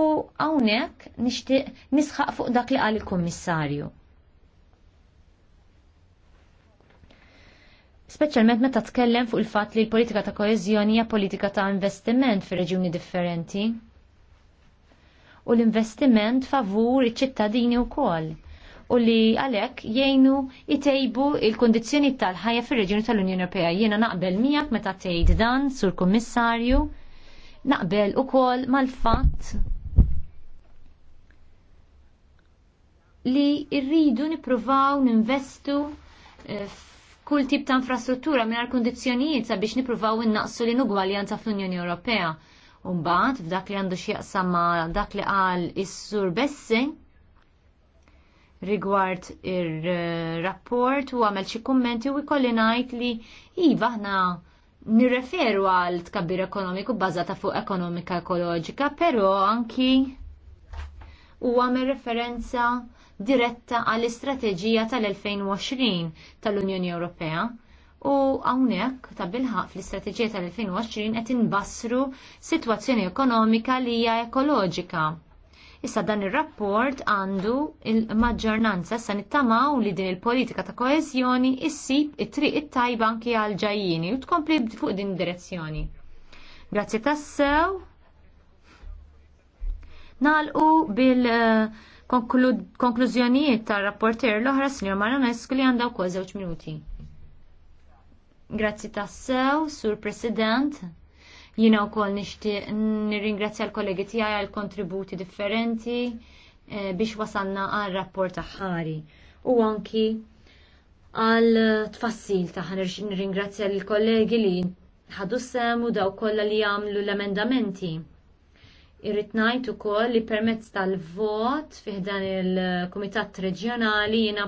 u hawnhekk nixtieq nisħaq fuq dak li qal il-Kummissarju. Speċjalment meta tkellem fuq il-fatt li l-politika ta' koeżjoni hija politika ta' investiment fir reġjuni differenti. U l-investiment favur iċ-ċittadini wkoll u li għalhekk jgħinu jitejbu il kondizjoni tal-ħajja fir-reġjuni tal-Unjoni Ewropea. Jiena naqbel miegħek meta tgħid dan sur Kummissarju naqbel ukoll mal-fatt li rridu nippruvaw ninvestu eh, f'kull tip ta' infrastruttura mingħajr kundizzjonijiet sabiex nippruvaw innaqsu l-inugwaljanza fl-Unjoni Ewropea. mbagħad, f'dak li għandu x'jaqsam ma' dak li qal is-sur Bessi rigward ir-rapport u għamel xi kummenti u jkolli ngħid li iva aħna nirreferu għal tkabbir ekonomiku bbażata fuq ekonomika ekoloġika, però anki u għamel referenza diretta għall-istrateġija tal-2020 tal-Unjoni Ewropea u hawnhekk ta' bilħaq fl-istrateġija tal-2020 qed inbassru sitwazzjoni ekonomika li hija ekoloġika. Issa dan ir-rapport għandu il-maġġornanza sa nittamaw li din il-politika ta' koeżjoni issib it-triq it-tajba anki għal ġajjini u tkompli fuq din id-direzzjoni. Grazzi tassew. Nalqu bil- uh, konklużjonijiet tar rapporter l-oħra Sinjor Maranescu li għandha wkoll żewġ minuti. Grazzi tassew, Sur President. Jina u kol nishtiq nirringrazzja l-kollegi tijaj għal-kontributi differenti eh, biex wasanna għal-rapport taħħari. U anki għal tfassil taħ nirringrazzja l-kollegi li ħadu sem u daw kolla li għamlu l-emendamenti. Irrid ngħid ukoll li permezz tal-vot fih dan il-Kumitat Reġjonali jiena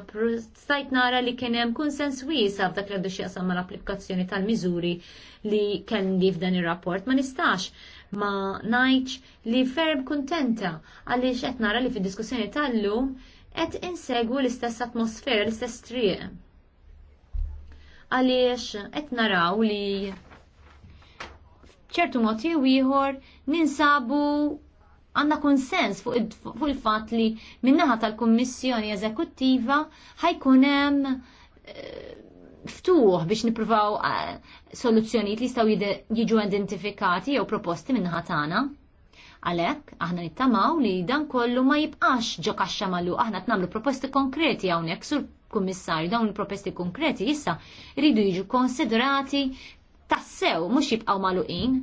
stajt nara li kien hemm kunsens wiesa f'dak li għandu x'jaqsam mal-applikazzjoni tal-miżuri li kelli f'dan ir-rapport. Ma nistax ma ngħidx li ferm kuntenta għaliex qed nara li fid-diskussjoni tal-lum qed insegwu l-istess atmosfera, l-istess triq. Għaliex qed naraw li ċertu mod ieħor ninsabu għandna konsens fuq il-fatt li minnaħa tal-Kummissjoni Eżekuttiva ħajkun hemm eh, ftuħ biex nippruvaw eh, soluzzjonijiet li jistgħu jiġu identifikati jew proposti minnaħa tagħna. Għalek, aħna nittamaw li dan kollu ma jibqax ġokaxxa kaxxa malu, aħna t-namlu proposti konkreti għawnek sur kummissarju, dawn il-proposti konkreti issa rridu jiġu konsiderati tassew mhux jibqgħu magħluqin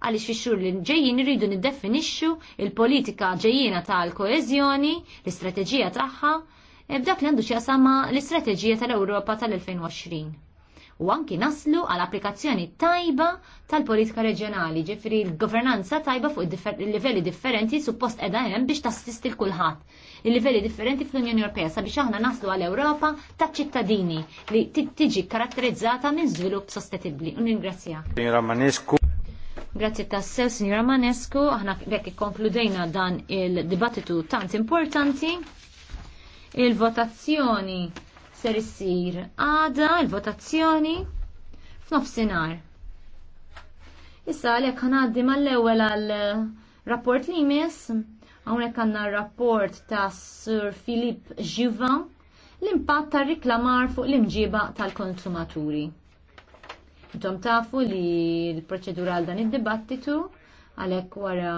għaliex fix-xhur li ġejjin iridu niddefinixxu il-politika ġejjina tal-koeżjoni, l-istrateġija tagħha, b'dak e li għandu x'jasama l-istrateġija tal-Ewropa tal-2020. U anki naslu għal applikazzjoni tajba tal-politika reġjonali, ġifri l-governanza tajba fuq il-livelli differenti suppost edha hemm biex tassisti l-kulħadd il-livelli differenti fl-Unjoni Ewropea sabiex aħna naslu għal Ewropa ta' ċittadini li tiġi karatterizzata minn żvilupp sostenibbli. U ningrazzja. Grazzi sew, Signora Manescu, aħna bekk ikkonkludejna dan il-dibattitu tant importanti. Il-votazzjoni ser issir għada, il-votazzjoni f'nofsinhar. Issa għalhekk ħanaddi mal-ewwel għal rapport li jmiss Hawnhekk għandna rapport ta' Sir Filip Givan l-impatt tar riklamar fuq l-imġiba tal-konsumaturi. Intom tafu li l-proċedura għal dan id-dibattitu għalhekk wara